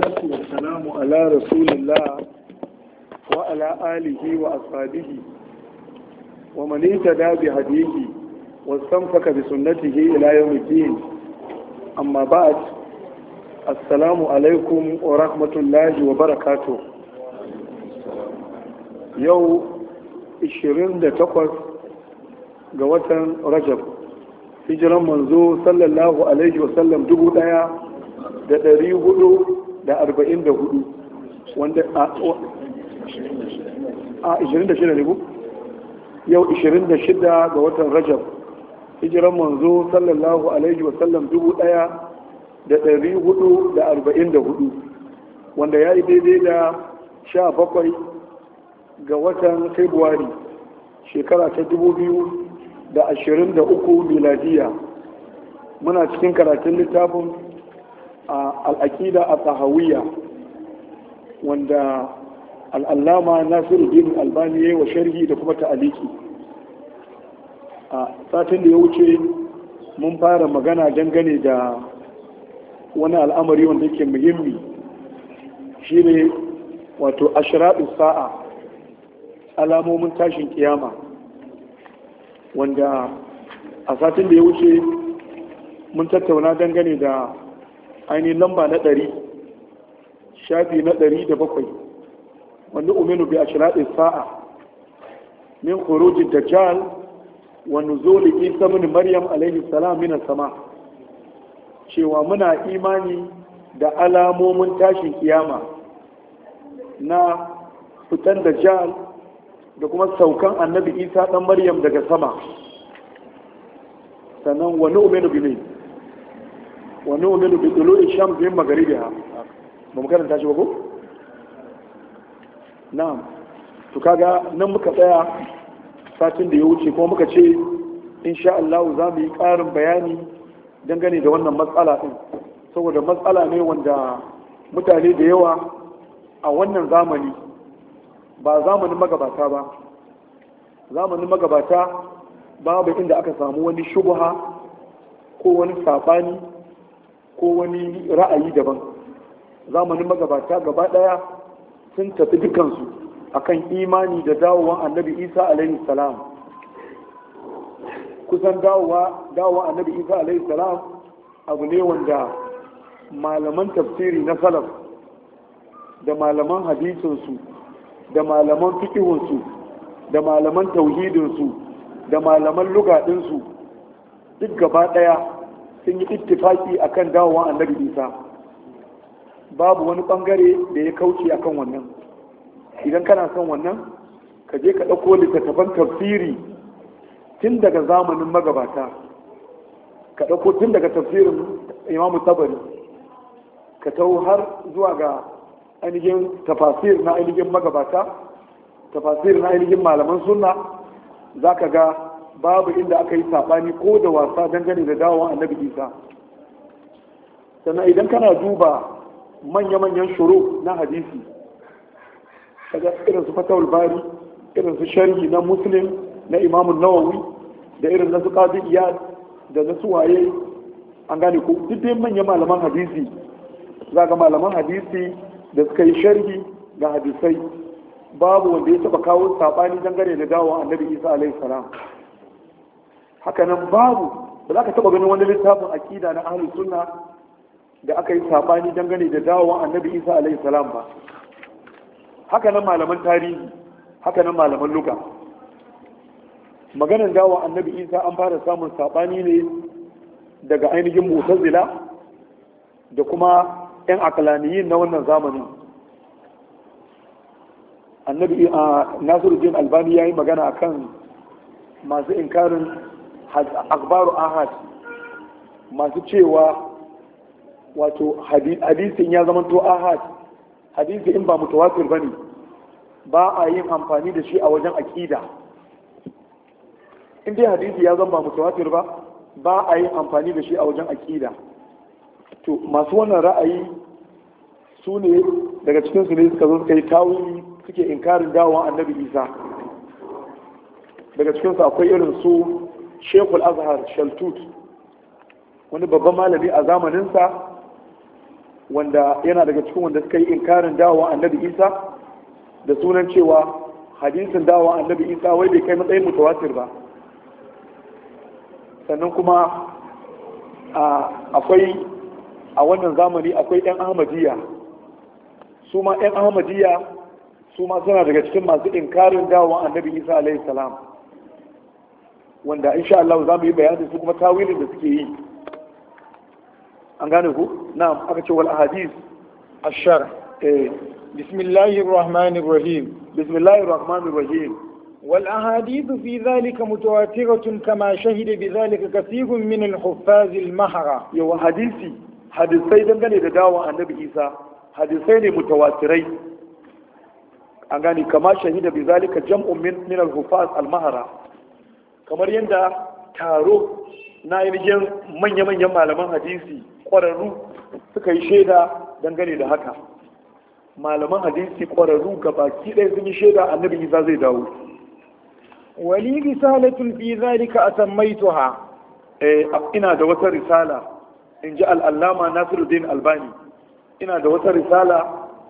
salatu wa salamu ala rasulillah wa ala alihi wa ashabihi wa man yata bi hadihi wa stanfaka bi sunnatihi ila yawm din amma ba'd assalamu alaikum wa rahmatullahi wa barakatuh yau 28 ga watan rajab hijiran manzo sallallahu alaihi wa sallam dubu daya da da arba'in da hudu wanda a ishirin da shida ne ku yau ishirin da shida ga watan rajab hijiran manzo sallallahu alaihi wasallam dubu daya da ɗari hudu da arba'in da hudu wanda ya yi daidai da sha bakwai ga watan februari shekara ta dubu biyu da ashirin da uku miladiya muna cikin karatun littafin A al'aƙida a tahawiyya wanda al'allama nasiru din albani ya wa sharhi da kuma ta'aliki a satin da ya wuce mun fara magana dangane da wani al'amari wanda yake muhimmi shi ne wato ashiradu sa'a alamomin tashin kiyama wanda a satin da ya wuce mun tattauna dangane da ainihin lamba na ɗari shafi na ɗari da bakwai wanda umenu bi a shiraɗin sa'a min khurujin wani zo da isa mini maryam alaihi salam mina sama cewa muna imani da alamomin tashin kiyama na fitan da dajjal da kuma saukan annabi isa ɗan maryam daga sama sannan wani umenu bi wa nu'minu bi dulu'i shams min magharibiha ba mu karanta shi ba ko na'am to kaga nan muka tsaya satin da ya wuce kuma muka ce insha Allah za mu yi ƙarin bayani dangane da wannan matsala din saboda matsala ne wanda mutane da yawa a wannan zamani ba zamanin magabata ba zamanin magabata babu inda aka samu wani shubha ko wani sabani ko wani ra'ayi daban zamanin magabata gaba ɗaya sun tafi dukansu a kan imani da dawowa annabi isa alaihi salam kusan dawowa annabi isa alaihi salam abu ne wanda malaman tafsiri na salaf da malaman hadisinsu da malaman fikihunsu da malaman tauhidinsu da malaman lugadinsu duk gaba ɗaya sun yi ittifaki kan dawowa annabi isa babu wani bangare da ya kauce a kan wannan idan kana son wannan ka je ka ɗauko littattafan tafsiri tun daga zamanin magabata ka ɗauko tun daga tafsirin imamu tabari ka tau har zuwa ga ainihin tafasir na ainihin magabata tafasir na ainihin malaman sunna za ka ga babu inda aka yi saɓani ko da wasa dangane da dawowa annabi isa sannan idan kana duba manya-manyan shuru na hadisi kaga irin su fatawul bari irin su sharhi na muslim na imamun nawawi da irin na su qadi da na suwaye an gane ko duk dai manyan malaman hadisi za ga malaman hadisi da suka yi sharhi ga hadisai babu wanda ya taba kawo sabani dangane da dawon annabi isa alaihi salam Hakanan babu ba za ka taɓa ganin wani littafin akida na ahli sunna da aka yi saɓani dangane da dawowar annabi isa alaihi salam ba haka nan malaman tarihi haka malaman luka maganar dawa annabi isa an fara samun saɓani ne daga ainihin mutazila da kuma 'yan akalaniyin na wannan zamanin annabi a nasiruddin albani ya yi magana akan masu inkarin akbaru ahad masu cewa wato hadisin ya zama to ahad hadisi in ba mutawatir bane ba a yin amfani da shi a wajen akida in dai hadisi ya zama ba mutawatir ba ba a yin amfani da shi a wajen akida to masu wannan ra'ayi su ne daga cikin su ne suka zo suka yi tawili suke inkarin dawon annabi isa daga cikin su akwai irin su shekul azhar shaltut wani babban malami a zamaninsa wanda yana daga cikin wanda suka yi inkarin dawowa annabi isa da sunan cewa hadisin dawowa annabi isa wai bai kai matsayin mutawatir ba sannan kuma akwai a wannan zamani akwai 'yan ahmadiyya su ma 'yan ahmadiyya su ma suna daga cikin masu inkarin dawowa annabi isa alaihi salam wanda insha Allah za mu yi bayanin su kuma tawilin da suke yi an gane ku na'am aka ce wal ahadith ashar eh bismillahir rahmanir rahim bismillahir rahmanir rahim wal ahadith fi dhalika mutawatiratun kama shahida bi dhalika kathirun min al huffaz al mahra yawa hadisi hadisai dangane da dawon annabi Isa hadisai ne mutawatirai an gane kama shahida bi dhalika jam'un min al huffaz al mahra kamar yadda taro na ainihin manya-manyan malaman hadisi ƙwararru suka yi shaida dangane da haka malaman hadisi ƙwararru ga baki ɗaya sun yi shaida annabi isa zai dawo wali risalatun fi zalika asammaituha eh ina da wata risala in ji al'allama nasiruddin albani ina da wata risala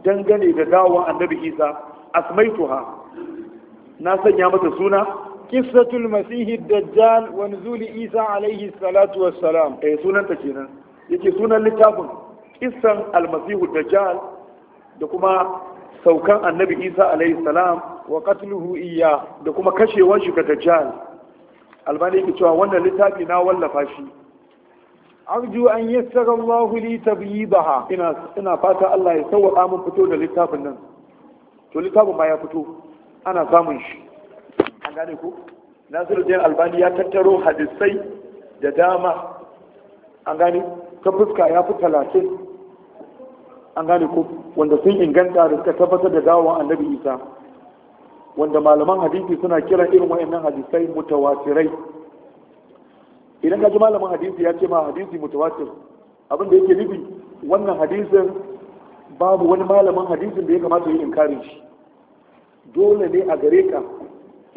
dangane da dawo annabi isa asmaituha na sanya mata suna qissatul masihi dajjal wa nuzul isa alayhi salatu wassalam eh sunan ta kenan yake sunan littafin qissan almasihu dajjal da kuma saukan annabi isa alayhi salam wa qatluhu iya da kuma kashewar shi ga dajjal albani yake cewa wannan littafi na wallafa shi arju an yassara Allah li tabyidaha ina ina fata Allah ya sauwaka mun fito da littafin nan to littafin ba ya fito ana samun shi an gane ku Nasiru nasiruddin albani ya tattaro hadisai da dama an gane ta fuska ya fi talatin an gane ku wanda sun inganta da suka tabbatar da dawon annabi isa wanda malaman hadisi suna kiran irin wayannan hadisai mutawatirai idan kaji malaman malamin hadisi ya ce ma hadisi mutawatir abin da yake nufi wannan hadisin babu wani malamin hadisin da ya kamata yi inkarin shi dole ne a gare ka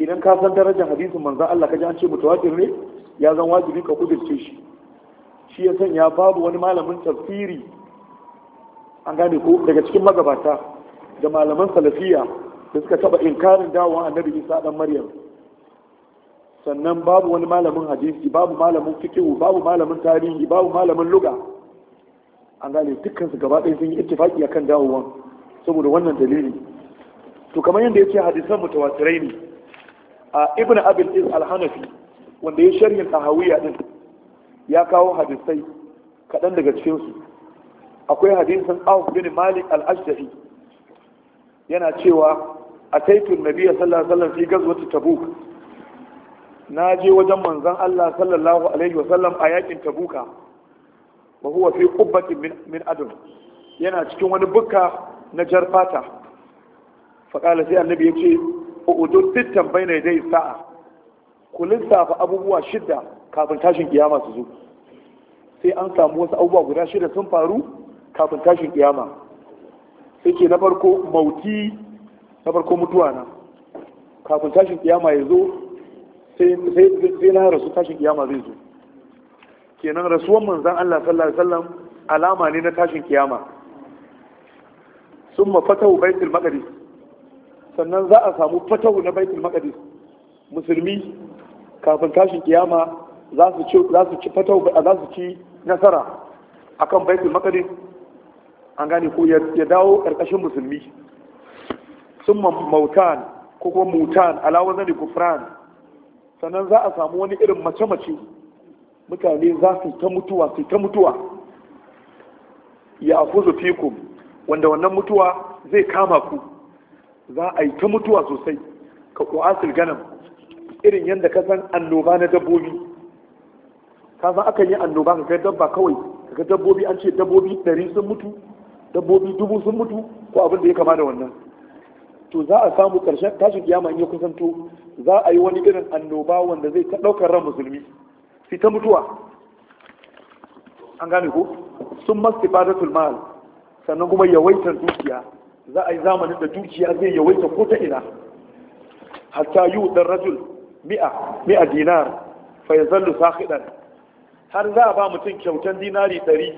idan ka san darajar hadisin manzan Allah ka ji an ce mutawatir ne ya zan wajibi ka kudirce shi shi ya sanya babu wani malamin tafsiri an gane ko daga cikin magabata da malaman salafiya da suka taba inkarin dawon annabi Isa dan Maryam sannan babu wani malamin hadisi babu malamin fiqh babu malamin tarihi babu malamin lugha an gane dukkan su gaba ɗaya sun yi ittifaki akan dawowa saboda wannan dalili to kamar yadda yake hadisan mutawatirai ne ibn abil iz al-hanafi wanda ya sharhin tahawiyya din ya kawo hadisai kaɗan daga cikinsu akwai hadisin auf bin malik al-ashdahi yana cewa a taitun nabiya sallallahu alaihi wasallam fi gazwati tabuk na je wajen manzon Allah sallallahu alaihi wasallam a yakin tabuka wa huwa fi qubbatin min adam yana cikin wani bukka na jarfata faqala sai annabi yace udu bai bayna dai sa'a ku lissafa abubuwa shidda kafin tashin kiyama su zo sai an samu wasu abubuwa guda shida sun faru kafin tashin kiyama sai ke na farko mauti na farko mutuwa na kafin tashin kiyama ya zo sai na rasu tashin kiyama zai zo kenan rasuwan manzan Allah sallallahu alaihi wasallam alama ne na tashin kiyama sun mafata baitul maqdis sannan za a samu fatahu na baitul maqdis musulmi kafin tashin kiyama za su ci za su ci fatahu za su ci nasara akan baitul maqdis an gane ko ya dawo karkashin musulmi summa mautan ko kuma mutan ala wazan kufran sannan za a samu wani irin mace-mace mutane za su ta mutuwa su ta mutuwa ya afuzu fikum wanda wannan mutuwa zai kama ku za a yi ta mutuwa sosai ka ƙwa'asul ganam irin yadda ka san annoba na dabbobi ka san akan yi annoba ka kai dabba kawai ka ga dabbobi an ce dabbobi ɗari sun mutu dabbobi dubu sun mutu ko abin da ya kama da wannan to za a samu ƙarshen tashin kiyama in ya kusanto za a yi wani irin annoba wanda zai ta ɗaukar ran musulmi sai ta mutuwa an gane ko sun masu ibadatul mal sannan kuma yawaitar dukiya za a yi zamanin da dukiya zai yawaita ko ta ina hatta yi dan rajul mi'a mi'a dinar fa ya zallu sakidan har za a ba mutum kyautan dinari ɗari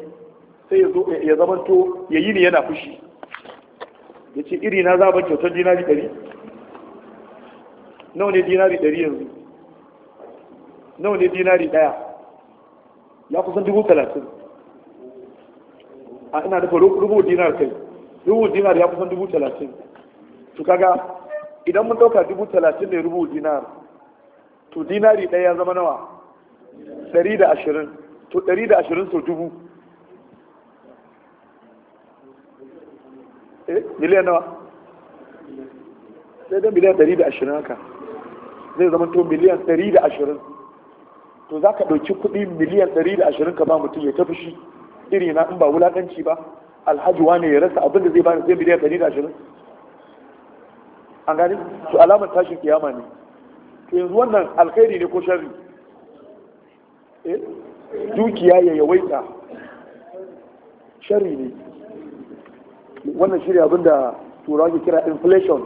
sai ya zamanto ya yi ne yana fushi ya ce iri na za a ban kyautan dinari ɗari nawa ne dinari ɗari yanzu nawa ne dinari ɗaya ya kusan dubu talatin a ina da rubu dinar kai rubu dinar ya kusan dubu talatin to kaga idan mun dauka dubu talatin ne rubu dinar to dinari ɗaya ya zama nawa ɗari da ashirin to ɗari da ashirin sau dubu eh miliyan nawa sai don miliyan ɗari da ashirin haka zai zama to miliyan ɗari da ashirin to za ka ɗauki kuɗi miliyan ɗari da ashirin ka ba mutum ya tafi shi iri na in ba wulaƙanci ba alhaji wane ya rasa abin da zai bani zai miliyan ɗari da ashirin an gani su alamar tashin kiyama ne yanzu wannan alkhairi ne ko shari? Eh? dukiya ya yawaita shari ne wannan shirya abinda turawa ke kira inflation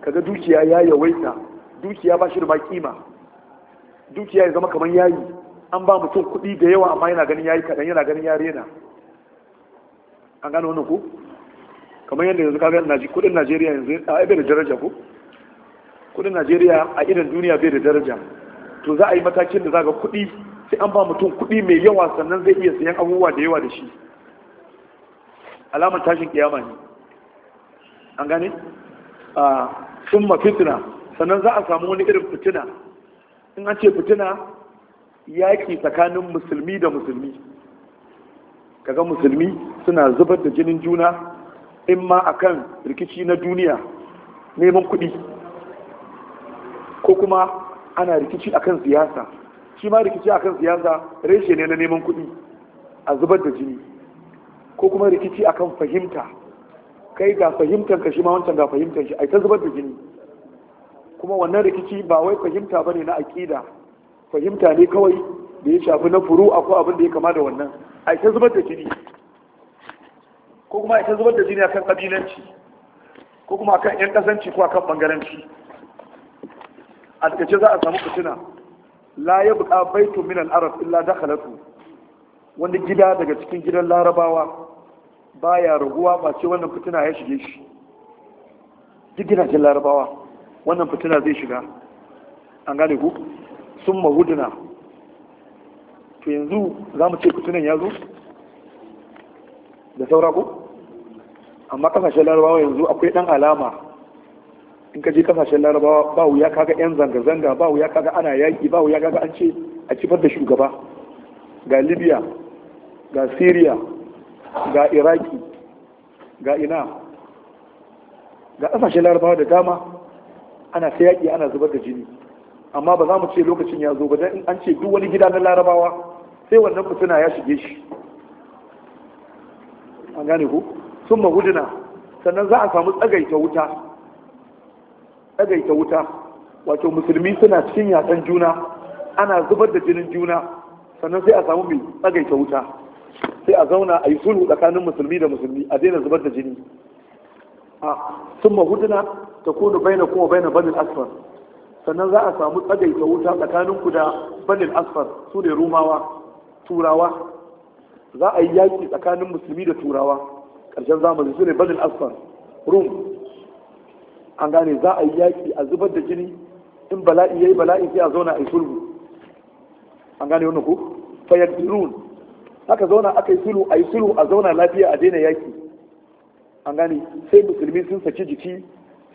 kaga dukiya ya yawaita dukiya ba shi da kima dukiya ya zama kamar yayi an ba mutum kuɗi da yawa amma yana ganin yayi kaɗan yana ganin yare na an gane wannan ku? kamar yadda yanzu kaga naji kudin Najeriya yanzu a bai da daraja ku? kudin Najeriya a idan duniya bai da daraja to za a yi matakin da za ga kudi sai an ba mutum kudi mai yawa sannan zai iya sayan abubuwa da yawa da shi alamar tashin kiyama ne an gane a summa fitina sannan za a samu wani irin fitina in an ce fitina yaƙi tsakanin musulmi da musulmi kaga musulmi suna zubar da jinin juna in ma akan rikici na duniya neman kuɗi ko kuma ana rikici akan siyasa shi ma rikici akan siyasa reshe ne na neman kuɗi a zubar da jini ko kuma rikici akan fahimta kai ga fahimtar ka shi ma wancan ga fahimtar shi A ta zubar da jini kuma wannan rikici ba wai fahimta ba ne na aƙida fahimta ne kawai da ya shafi na furu ko abin da ya kama da wannan A ta zubar da jini ko kuma ita zubar da jini akan kabilanci ko kuma akan yan kasanci ko akan bangaranci a takaice za a samu fitina la ya buka baitu min al-arab illa dakhalatu wanda gida daga cikin gidan larabawa baya raguwa ba ce wannan fitina ya shige shi duk gidajen larabawa wannan fitina zai shiga an gane ku sun mahuduna to yanzu za mu ce fitinan ya zo da saura ku amma kasashen larabawa yanzu akwai dan alama in ka je kasashen larabawa ba wuya kaga yan zanga-zanga ba wuya kaga ana yaki ba wuya kaga an ce a cifar da shugaba ga libya ga syria ga iraki ga ina ga kasashen larabawa da dama ana ta yaki ana zubar da jini amma ba za mu ce lokacin ya zo ba dan an ce duk wani gida na larabawa sai wannan fitina ya shige shi an gane ku sun mahudina sannan za a samu tsagaita wuta tsagaita wuta wato musulmi suna cikin yatsan juna ana zubar da jinin juna sannan sai a samu mai tsagaita wuta sai a zauna a yi sulhu tsakanin musulmi da musulmi a daina zubar da jini a sun mahudina ta kone baina kuma baina banin asfar sannan za a samu tsagaita wuta tsakanin ku da banin asfar su ne rumawa turawa za a yi yaƙi tsakanin musulmi da turawa ƙarshen zamani su ne banin asfar rum an gane za a yi yaƙi a zubar da jini in bala'i ya yi bala'i sai a zauna a yi sulhu an gane wani ku fayadirun haka zauna aka yi sulhu a yi sulhu a zauna lafiya a daina yaƙi an gane sai musulmi sun saki jiki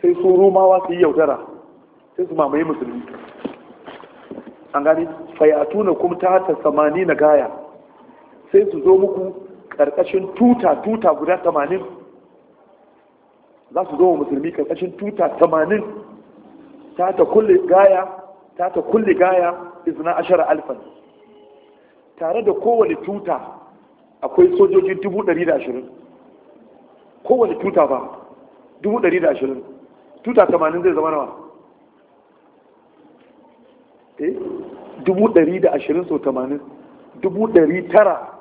sai su rumawa su yi yaudara sai su mamaye musulmi an gane fayatuna kuma ta hata samani na gaya sai su zo muku Ƙarƙashin tuta tuta guda tamanin za su zo wa musulmi ƙarƙashin tuta tamanin ta ta kulle gaya ta ta kulle gaya izna ashara alfan tare da kowane tuta akwai sojoji dubu ɗari da ashirin kowane tuta ba dubu ɗari da ashirin tuta tamanin zai zama nawa eh dubu ɗari da ashirin sau tamanin dubu ɗari tara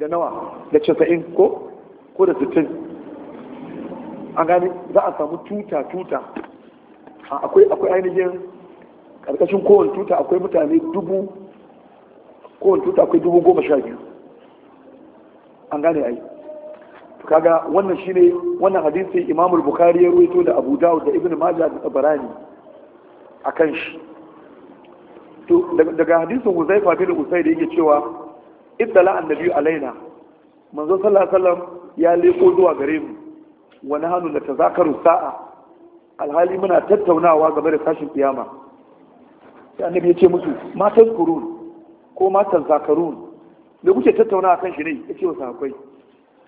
da nawa da casa'in ko ko da sittin an gane za a samu tuta tuta akwai akwai ainihin karkashin kowane tuta akwai mutane dubu kowane tuta akwai dubu goma sha biyu an gane ai kaga wannan shine wannan hadisi Imam Bukhari ya ruwaito da Abu Dawud da Ibn Majah da Tabarani akan shi to daga hadisin Huzaifa bin Usayd yake cewa ittala annabi alaina manzo sallallahu alaihi wasallam ya leko zuwa gare mu wani hannu da ta sa'a alhali muna tattaunawa game da tashin kiyama sai annabi ya ce musu matan kurun ko matan tazakarun me kuke tattaunawa kan shi ne ya ce wa sahabbai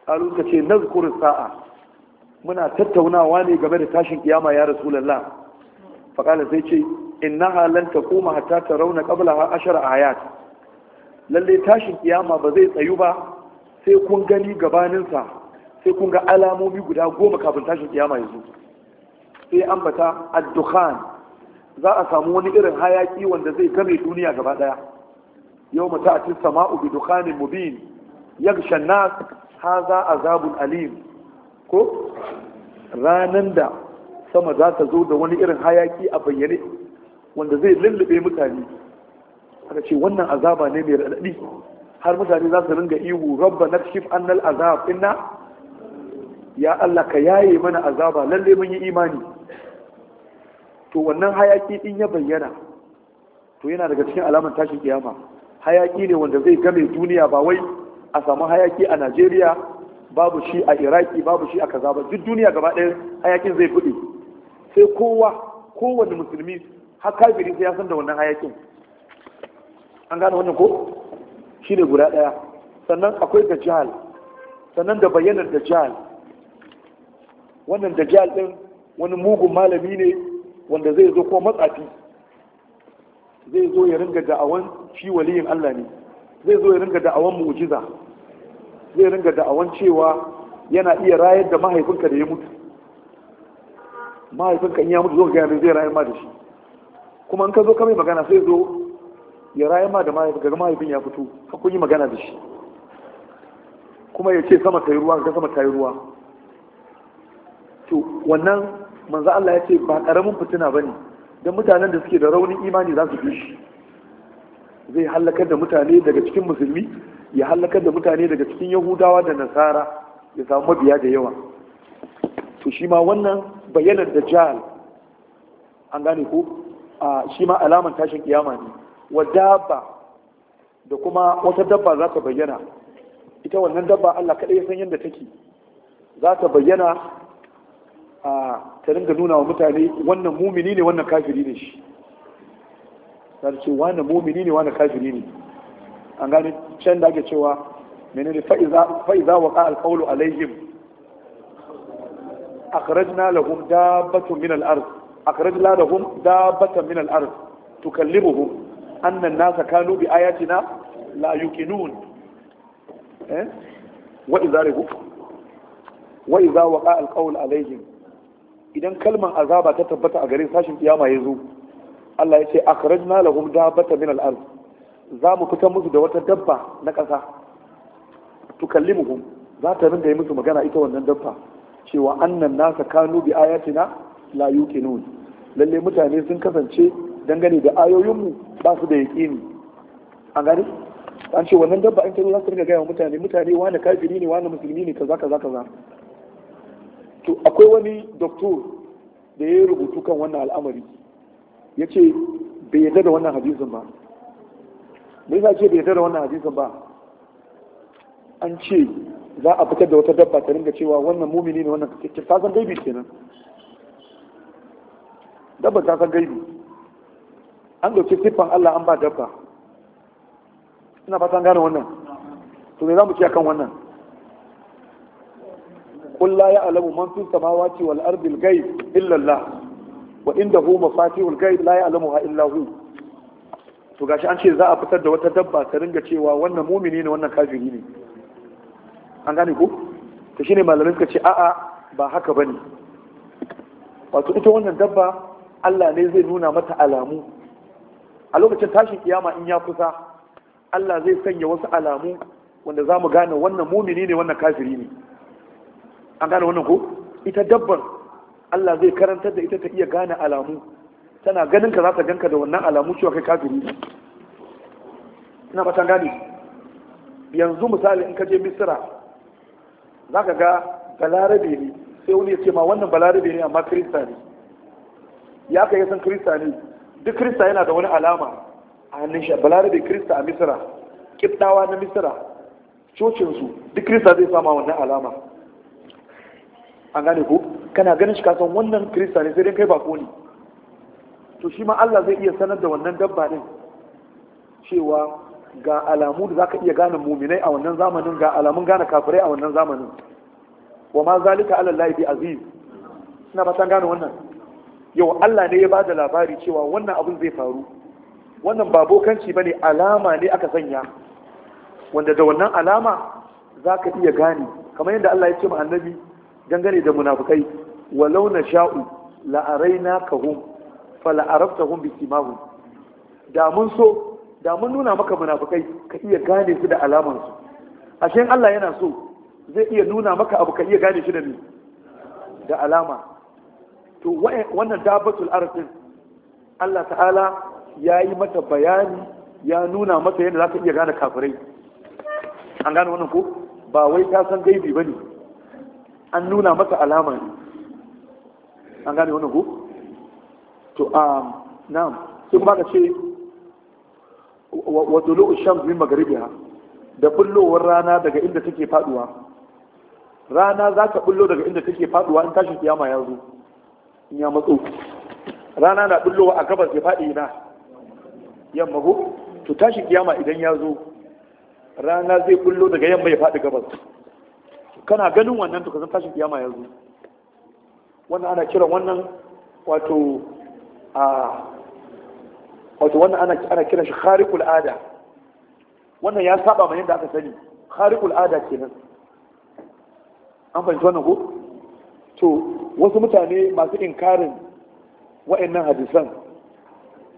alu kace ce nazkuru sa'a muna tattaunawa ne game da tashin kiyama ya rasulullah faqala sai ce innaha lan taquma hatta tarawna qablaha ashara ayat Lallai tashin kiyama ba zai tsayu ba sai kun gani gabaninsa sai kun ga alamomi guda goma kafin tashin kiyama yanzu sai ambata addukhan za a samu wani irin hayaki wanda zai game duniya gaba daya yau mata a cin sama'u bi dukhanin mubin yakshan nas a zabun alim ko ranan da sama za ta zo da wani irin hayaki a bayyane wanda zai lullube mutane aka ce wannan azaba ne mai raɗaɗi har mutane za su ringa ihu rabba na shif annal azab inna ya Allah ka yaye mana azaba lalle mun yi imani to wannan hayaki din ya bayyana to yana daga cikin alamar tashin kiyama hayaki ne wanda zai game duniya ba wai a samu hayaki a Najeriya babu shi a Iraki babu shi a kaza ba duk duniya gaba ɗaya hayakin zai fudi sai kowa kowanne musulmi har kafiri sai ya san da wannan hayakin an gane wannan ko shi ne guda ɗaya sannan akwai da jihal sannan da bayyanar da jihal wannan da jihal ɗin wani mugun malami ne wanda zai zo ko matsafi zai zo ya ringa da'awan shi waliyin Allah ne zai zo ya ringa da'awan mu'jiza zai ringa da'awan cewa yana iya rayar da mahaifinka da ya mutu mahaifinka in ya mutu zo ga yana zai rayar ma da shi kuma in ka zo ka mai magana sai zo ya rayu ma da gaga mahaifin ya fito ka kun yi magana da shi kuma ya ce sama ta ruwa ga sama ta ruwa to wannan manzo Allah ya ce ba karamin fitina ne, dan mutanen da suke da raunin imani za su bi shi zai halakar da mutane daga cikin musulmi ya halakar da mutane daga cikin yahudawa da nasara ya samu mabiya da yawa to shi ma wannan bayanan da jahal an gane ko shi ma alaman tashin kiyama ne wa dabba da kuma wata dabba za ta bayyana ita wannan dabba Allah kaɗai ya san yadda take za ta bayyana a ta ringa nuna wa mutane wannan mumini ne wannan kafiri ne shi za ta ce wannan mumini ne wannan kafiri ne an gane can da ake cewa menene fa'iza wa ƙa'al ƙaulu alaihim akhrajna lahum dabbatun min al-ard akhrajna lahum dabbatan min al-ard tukallimuhum annan nasa kanu bi ayatina la yuqinun eh wa idza rihu wa idza waqa qawl alayhim idan kalman azaba ta tabbata a garin sashin kiyama yazo Allah ya ce akhrajna lahum dabbatan min al-ard za mu fitar musu da wata dabba na ƙasa tukallimuhum za ta rinda yi musu magana ita wannan dabba cewa annan nasa kanu bi ayatina la yuqinun lalle mutane sun kasance dangane da ayoyinmu ba su da yaƙini an gani an ce wannan dabba in ta zo za su ringa gaya wa mutane mutane wani kafiri ne wani musulmi ne kaza kaza kaza to akwai wani doktor da ya rubutu kan wannan al'amari ya ce bai yarda da wannan hadisin ba me yasa ce bai yarda da wannan hadisin ba an ce za a fitar da wata dabba ta ringa cewa wannan mumini ne wannan kafir ta san gaibi kenan dabba ta san gaibi an dauki siffan Allah an ba dabba ina fata gane wannan to me za mu ci akan wannan قل لا يعلم من في السماوات والأرض الغيب إلا الله وعنده مفاتيح الغيب لا يعلمها إلا هو to gashi an ce za a fitar da wata dabba ta ringa cewa wannan mumini ne wannan kafiri ne an gane ko to shine malamin suka ce a'a ba haka bane wato ita wannan dabba Allah ne zai nuna mata alamu a lokacin tashin kiyama in ya kusa Allah zai sanya wasu alamu wanda za mu gane wannan mumini ne wannan kafiri ne an gane wannan ko ita dabbar Allah zai karantar da ita ta iya gane alamu tana ganin ka za ta ganka da wannan alamu cewa kai kafiri ne ina fatan gane yanzu misali in ka je misira za ka ga balarabe ne sai wani ya ce ma wannan balarabe ne amma kirista ne ya kai san kirista ne duk krista yana da wani alama a hannun shi balarabe krista a misira kibdawa na misira cocinsu duk krista zai sama wannan alama an gane ko kana ganin shi kasan wannan krista ne sai dai kai bako ne to shi ma Allah zai iya sanar da wannan dabba din cewa ga alamu da zaka iya gane muminai a wannan zamanin ga alamun gane kafirai a wannan zamanin wa ma zalika alallahi bi aziz ina ba gane wannan yau Allah ne ya ba da labari cewa wannan abin zai faru wannan ba bokanci ba ne alama ne aka sanya wanda da wannan alama za ka iya gane kamar yadda Allah ya ce ma dangane da munafukai walau na sha'u la'araina kahum fa la'araftahum bi simahum da mun so da mun nuna maka munafukai ka iya gane su da alamansu ashe Allah yana so zai iya nuna maka abu ka iya gane shi da ni da alama to wannan dabatul arzikin Allah ta'ala ya yi mata bayani ya nuna mata yadda za ta iya gane kafirai an gane wannan ko ba wai ta san gaibi ba ne an nuna mata alama ne an gane wannan ko to a um, na'am kuma ka ce wa dulu shams min magribiha da bullowar rana daga inda take faduwa rana za ta bullo daga inda take faduwa in tashi kiyama ya zo ya matso rana na bullowa a gabas ya faɗi na yamma ko to tashi kiyama idan ya zo rana zai bullo daga yamma ya faɗi gabas kana ganin wannan to ka san tashin kiyama ya zo wannan ana kiran wannan wato a wato wannan ana ana kiran shi khariqul ada wannan ya saba ma yadda aka sani khariqul ada kenan an fahimci wannan ko to wasu mutane masu inkarin wa'annan hadisan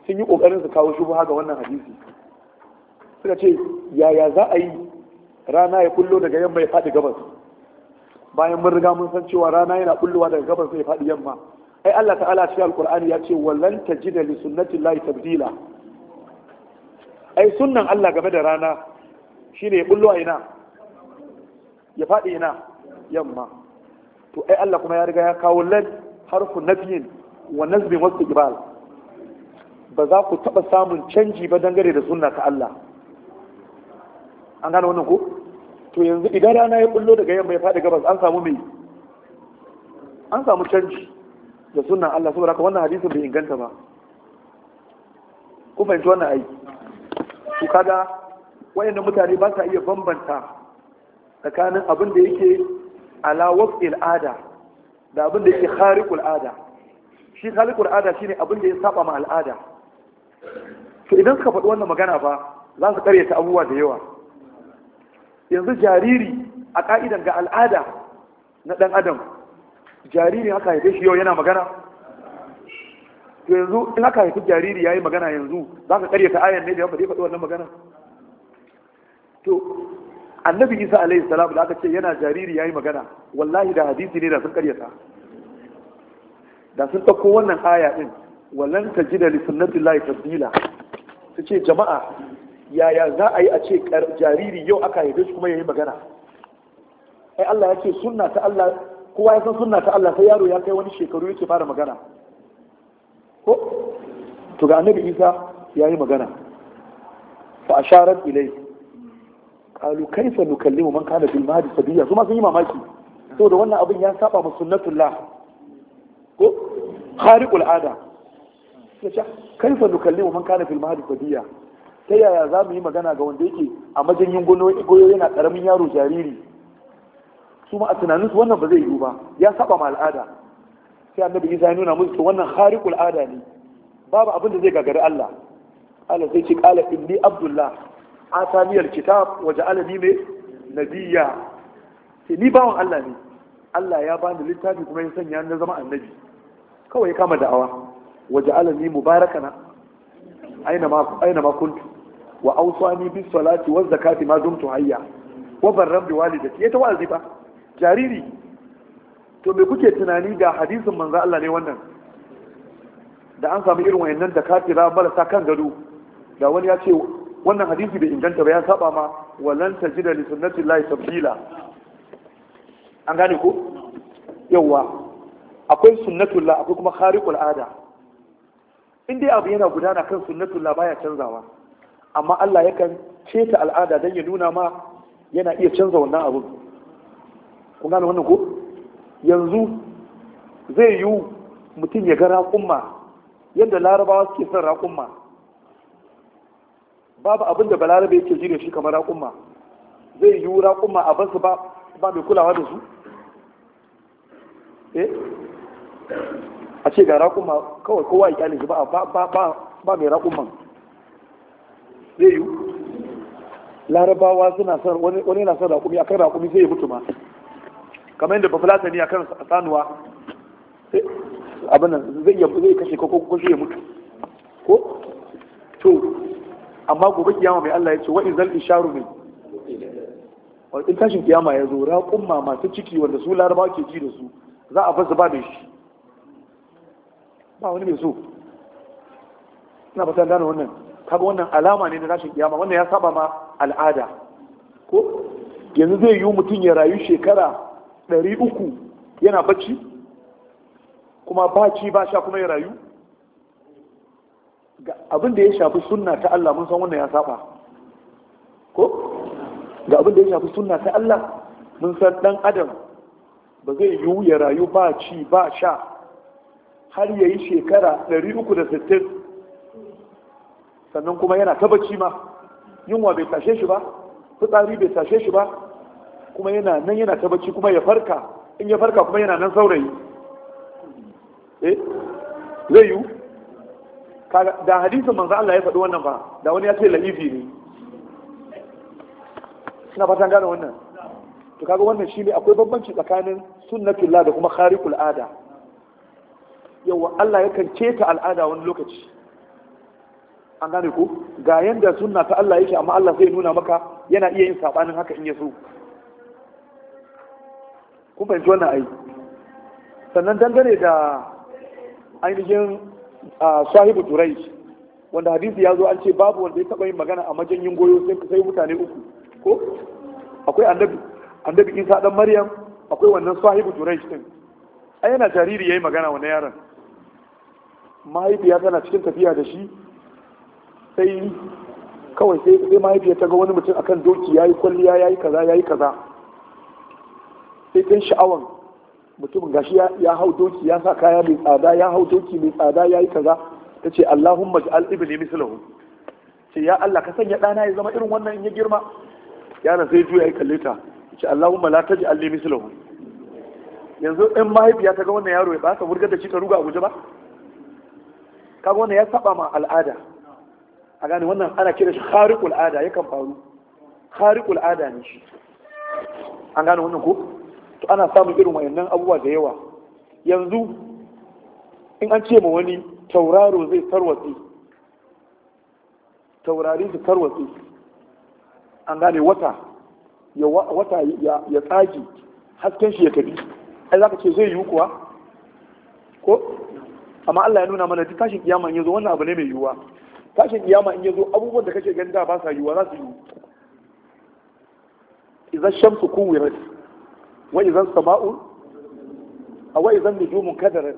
sun yi ƙoƙarin su kawo shubha ga wannan hadisi suka ce yaya za a yi rana ya kullo daga yamma ya faɗi gabas bayan mun riga mun san cewa rana yana kullowa daga gabas ya faɗi yamma ai Allah ta'ala cikin Alƙur'ani ya ce wallan tajida li sunnati llahi tabdila ai sunnan Allah game da rana shine ya a ina ya faɗi ina yamma to ai Allah kuma ya riga ya kawo lad harfu nafiyin wa nazbin wasu istiqbal ba za ku taɓa samun canji ba dangare da sunna ta Allah an gane wannan ko to yanzu idan rana ya bullo daga yamma ya faɗi gabas an samu mai an samu canji da sunan Allah saboda haka wannan hadisin bai inganta ba ku fahimci wannan aiki to kaga wayannan mutane ba sa iya bambanta tsakanin abin da yake ala waqtil ada da abin da yake khariqul ada shi khariqul ada shine abin da ya saba ma al'ada to idan suka faɗi wannan magana ba za su karyata abubuwa da yawa yanzu jariri a ka'idan ga al'ada na dan adam jariri haka haife shi yau yana magana to yanzu in haka haifi jariri yayi magana yanzu za ka karyata ayan ne da ya faɗi faɗi wannan magana to annabi isa alaihi salam da aka ce yana jariri yayi magana wallahi da hadisi ne da sun karyata da sun ɗauko wannan aya din walan tajida ji da lissunnati lai tabdila su ce jama'a yaya za a yi a ce jariri yau aka haife shi kuma yayi magana ai Allah ya ce sunna ta Allah kowa ya san sunna ta Allah sai yaro ya kai wani shekaru yake fara magana ko to ga annabi Isa yayi magana fa asharat ilayhi qalu kaifa nukallimu man kana bil mahdi sabiya su ma sun yi mamaki saboda wannan abin ya saba mu sunnatullah ko khariqul ada kace kaifa nukallimu man kana bil mahdi sabiya ta yaya za mu yi magana ga wanda yake a majanyin goyo yana karamin yaro jariri su ma a tunaninsu wannan ba zai yiwu ba ya saba ma al'ada sai annabi isa ya nuna musu to wannan khariqul ada ne babu abin da zai gagari Allah Allah zai ce qala inni abdullah ataniyar kitab waje alani mai nabiya sai ni bawan Allah ne Allah ya bani littafi kuma ya sanya na zama annabi kawai ya kama da'awa waje alani mubarakana aina ma kuntu wa ausani bis salati waz zakati ma dumtu hayya wa barram bi walidati ya tawazi ba jariri to me kuke tunani ga hadisin manzo Allah ne wannan da an samu irin wayannan da kafira marasa kan gado da wani ya ce wannan hadisi bai inganta ba ya saba ma walan tajida li sunnati llahi tabdila an gane ko yawa akwai sunnatullah akwai kuma khariqul ada in dai abu yana gudana kan sunnatullah baya canzawa amma Allah ya yakan ceta al'ada dan ya nuna ma yana iya canza wannan abu kun gane wannan ko yanzu zai yi mutum ya ga raƙumma yadda larabawa suke son raƙumma babu abin da balarabe yake ji da shi kamar raƙumma zai yi raƙumma a basu ba mai kulawa da su eh a ce ga raƙumma kawai kowa ya kyale shi ba ba mai raƙumman zai yi larabawa suna son wani yana son raƙumi akan raƙumi zai yi mutu ma kamar yadda bafulata akan sanuwa abin zai kashe ko ko ya mutu ko to amma gobe kiyama mai Allah ya ce wa'in zal isharu ne in tashin kiyama ya zo raƙumma masu ciki wanda su larabawa ke ji da su za a fasa ba da shi ba wani mai so ina fatan gane wannan kaga wannan alama ne na tashin kiyama wannan ya saba ma al'ada ko yanzu zai yi mutum ya rayu shekara ɗari uku yana bacci kuma ba ci ba sha kuma ya rayu abin da ya shafi sunna ta Allah mun san wannan ya saba ko ga abin da ya shafi sunna ta Allah mun san dan adam ba zai yi ya rayu ba ci ba sha har ya yi shekara 360 sannan kuma yana ta bacci ma yunwa bai tashe shi ba fitsari bai tashe shi ba kuma yana nan yana ta bacci kuma ya farka in ya farka kuma yana nan saurayi eh zai yi da hadisin manzo Allah ya faɗi wannan ba da wani ya ce la'ifi ne suna fatan gane wannan to kaga wannan shine akwai bambanci tsakanin sunnatullah da kuma khariqul ada yawa Allah ya kance keta al'ada wani lokaci an gane ko ga yanda sunna ta Allah yake amma Allah zai nuna maka yana iya yin sabanin haka in ya so kun fahimci wannan ai sannan dangane da ainihin sahibu turai wanda hadisi ya zo an ce babu wanda ya taba yin magana a majanyin goyo sai mutane uku ko akwai annabi annabi isa dan maryam akwai wannan sahibu turai din ai yana jariri yayi magana wannan yaron mahaifiya tana cikin tafiya da shi sai kawai sai sai mahaifiya ta ga wani mutum akan doki yayi kwalliya yayi kaza yayi kaza sai kan sha'awan mutum gashi ya hau doki ya sa kaya mai tsada ya hau doki mai tsada ya yi kaza ta ce Allahumma ij'al ibni mislahu ce ya Allah ka sanya ɗana ya zama irin wannan in ya girma yaron sai juya ya kalle ta ce Allahumma la taj'al li mislahu yanzu in mahaifiya ta ga wannan yaro ya baka wurgar da shi ta ruga a guje ba kaga wannan ya saba ma al'ada a gane wannan ana kira shi kharikul ada yakan faru kharikul ada ne shi an gane wannan ko to ana samun irin wayannan abubuwa da yawa yanzu in an ce ma wani tauraro zai tarwatsi taurari su tarwatsi an gane wata ya wata ya tsagi hasken shi ya tafi ai zaka ce zai yiwu kuwa ko amma Allah ya nuna mana duk tashin kiyama in yazo wannan abu ne mai yiwuwa tashin kiyama in yazo abubuwan da kake ganin da ba sa yiwuwa za su yiwu idza shamsu kuwirat وإذا السماء أو إذا النجوم كدرت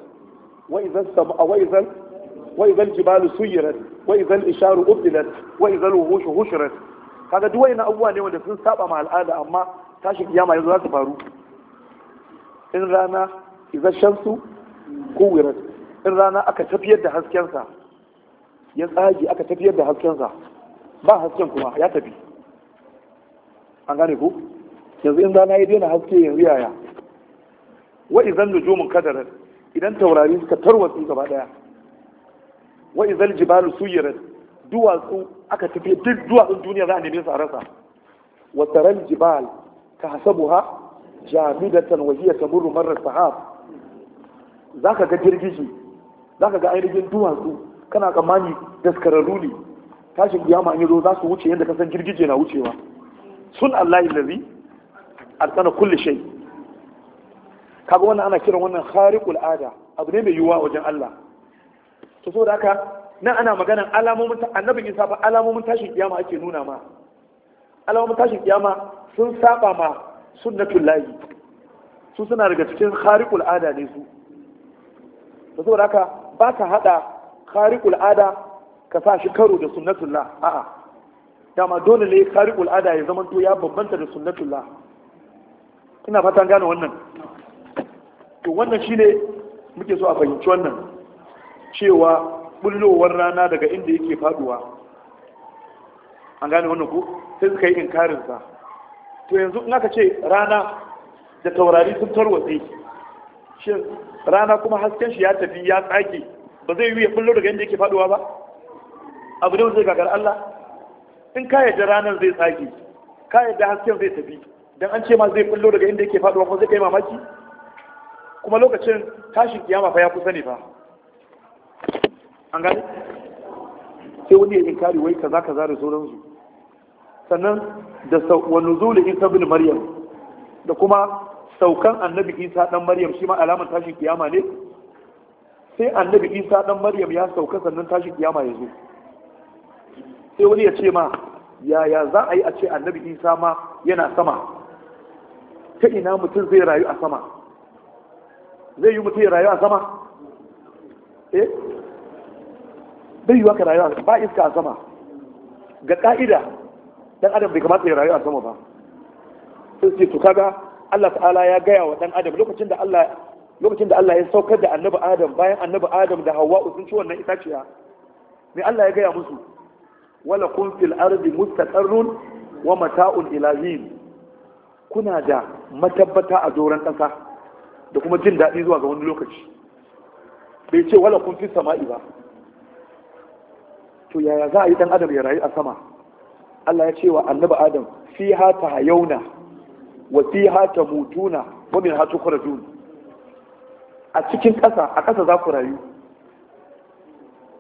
وإذا السماء أو إذا وإذا الجبال سيرت وإذا الإشار أبدلت وإذا الوحوش هشرت kaga duk wayannan abubuwa ne wanda sun saba ma al'ada amma tashi kiyama yanzu za su faru in rana idan shamsu kuwirat in rana aka tafiyar da haskensa ya tsage aka tafiyar da haskensa ba hasken kuma ya tafi an gane ku yanzu in rana ya daina haske yanzu yaya wa idan nujumun kadara idan taurari suka tarwatsu gaba daya wa idan jibalu suyirat duwatsu aka tafi duk duwatsun duniya za a neme su a rasa wa taral jibal ka hasabuha jamidatan wa hiya tamurru marra sahab zaka ga girgiji zaka ga ainihin duwatsu kana tsammani daskararru ne tashin kiyama yi zo za su wuce yadda ka san girgije na wucewa sun allahi lazi atqana kulli shay kaga wannan ana kiran wannan khariqul ada abu ne mai yiwuwa wajen Allah to saboda haka nan ana magana alamomin annabi Isa ba alamomin tashin kiyama ake nuna ma alamomin tashin kiyama sun saba ma sunnatul lahi su suna daga cikin khariqul ada ne su to saboda haka ba ka hada khariqul ada ka sa shi karo da sunnatullah a'a dama dole ne khariqul ada ya zama to ya bambanta da sunnatullah ina fatan gane wannan to wannan shine muke so a fahimci wannan cewa bullowar rana daga inda yake faduwa an gane wannan ku sai suka yi sa to yanzu in aka ce rana da taurari sun tarwatse shi rana kuma hasken shi ya tafi ya tsage ba zai yi ya bullo daga inda yake faduwa ba abu ne zai gagar Allah in ka yadda ranar zai tsage ka yadda hasken zai tafi dan an ce ma zai kullo daga inda yake faduwa kuma zai kai mamaki kuma lokacin tashin kiyama fa ya kusa ne fa an gani sai wani ya inkari wai kaza kaza da sauransu sannan da wa nuzul isa bin maryam da kuma saukan annabi isa dan maryam shi ma alamar tashin kiyama ne sai annabi isa dan maryam ya sauka sannan tashin kiyama ya zo sai wani ya ce ma yaya za a yi a ce annabi isa ma yana sama ta ina mutum zai rayu a sama zai yi mutum ya rayu a sama eh zai yiwa ka rayu a ba iska a sama ga ka'ida dan adam bai kamata ya rayu a sama ba sai ce to kaga Allah ta'ala ya gaya wa dan adam lokacin da Allah lokacin da Allah ya saukar da annabi Adam bayan annabi Adam da Hawwa sun ci wannan itaciya me Allah ya gaya musu wala kun fil ardi mustaqarrun wa mata'un ila hin kuna da matabbata a doron ƙasa da kuma jin daɗi zuwa ga wani lokaci bai ce wala kun fi sama'i ba to yaya za a yi ɗan adam ya rayu a sama Allah ya ce wa annabi adam ta tahayuna wa ta mutuna wa min hatu kharajun a cikin ƙasa a ƙasa za ku rayu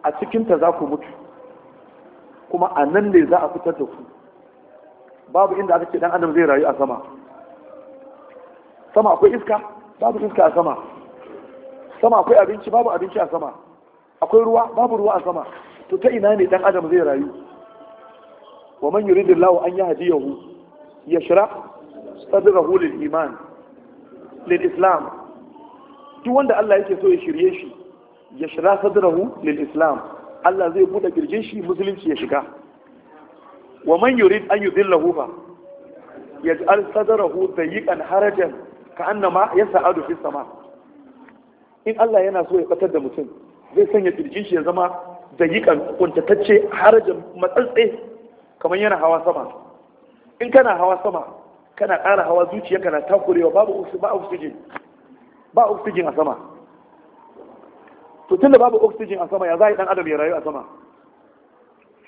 a cikin ta za ku mutu kuma a nan ne za a fitar da ku babu inda aka ce dan adam zai rayu a sama sama akwai iska babu iska a sama sama akwai abinci babu abinci a sama akwai ruwa babu ruwa a sama to ta ina ne dan adam zai rayu wa man yuridillahu an yahdiyahu yashra sadrahu lil iman lil islam duk wanda Allah yake so ya shirye shi yashra sadrahu lil islam Allah zai bude kirjin shi musulunci ya shiga wa man yurid an yudillahu fa yaj'al sadrahu dayyqan harajan ka annama ya sa'adu fi sama in Allah yana so ya batar da mutum zai sanya kirjin shi ya zama dayiƙan kuntatacce harajin matsatse kamar yana hawa sama in kana hawa sama kana ƙara hawa zuciya kana takurewa babu ba oxygen ba oxygen a sama to da babu oxygen a sama ya za a yi dan adam ya rayu a sama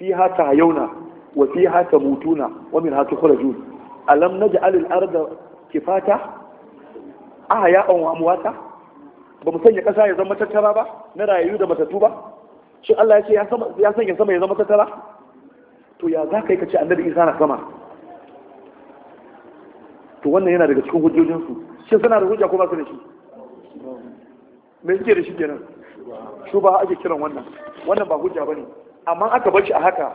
hata tahyauna wa fiha tamutuna wa minha tukhrajun alam naj'al alil arda kifata aha ya an wa muwata ba mu sanya ƙasa ya zama tattara ba na rayu da matattu ba shin Allah ya ce ya sanya sama ya zama tattara to ya za ka yi kace ce annabi isa na sama to wannan yana daga cikin hujjojinsu shin suna da hujja ko ba su da shi me suke da shi kenan su ba ake kiran wannan wannan ba hujja bane amma aka bar shi a haka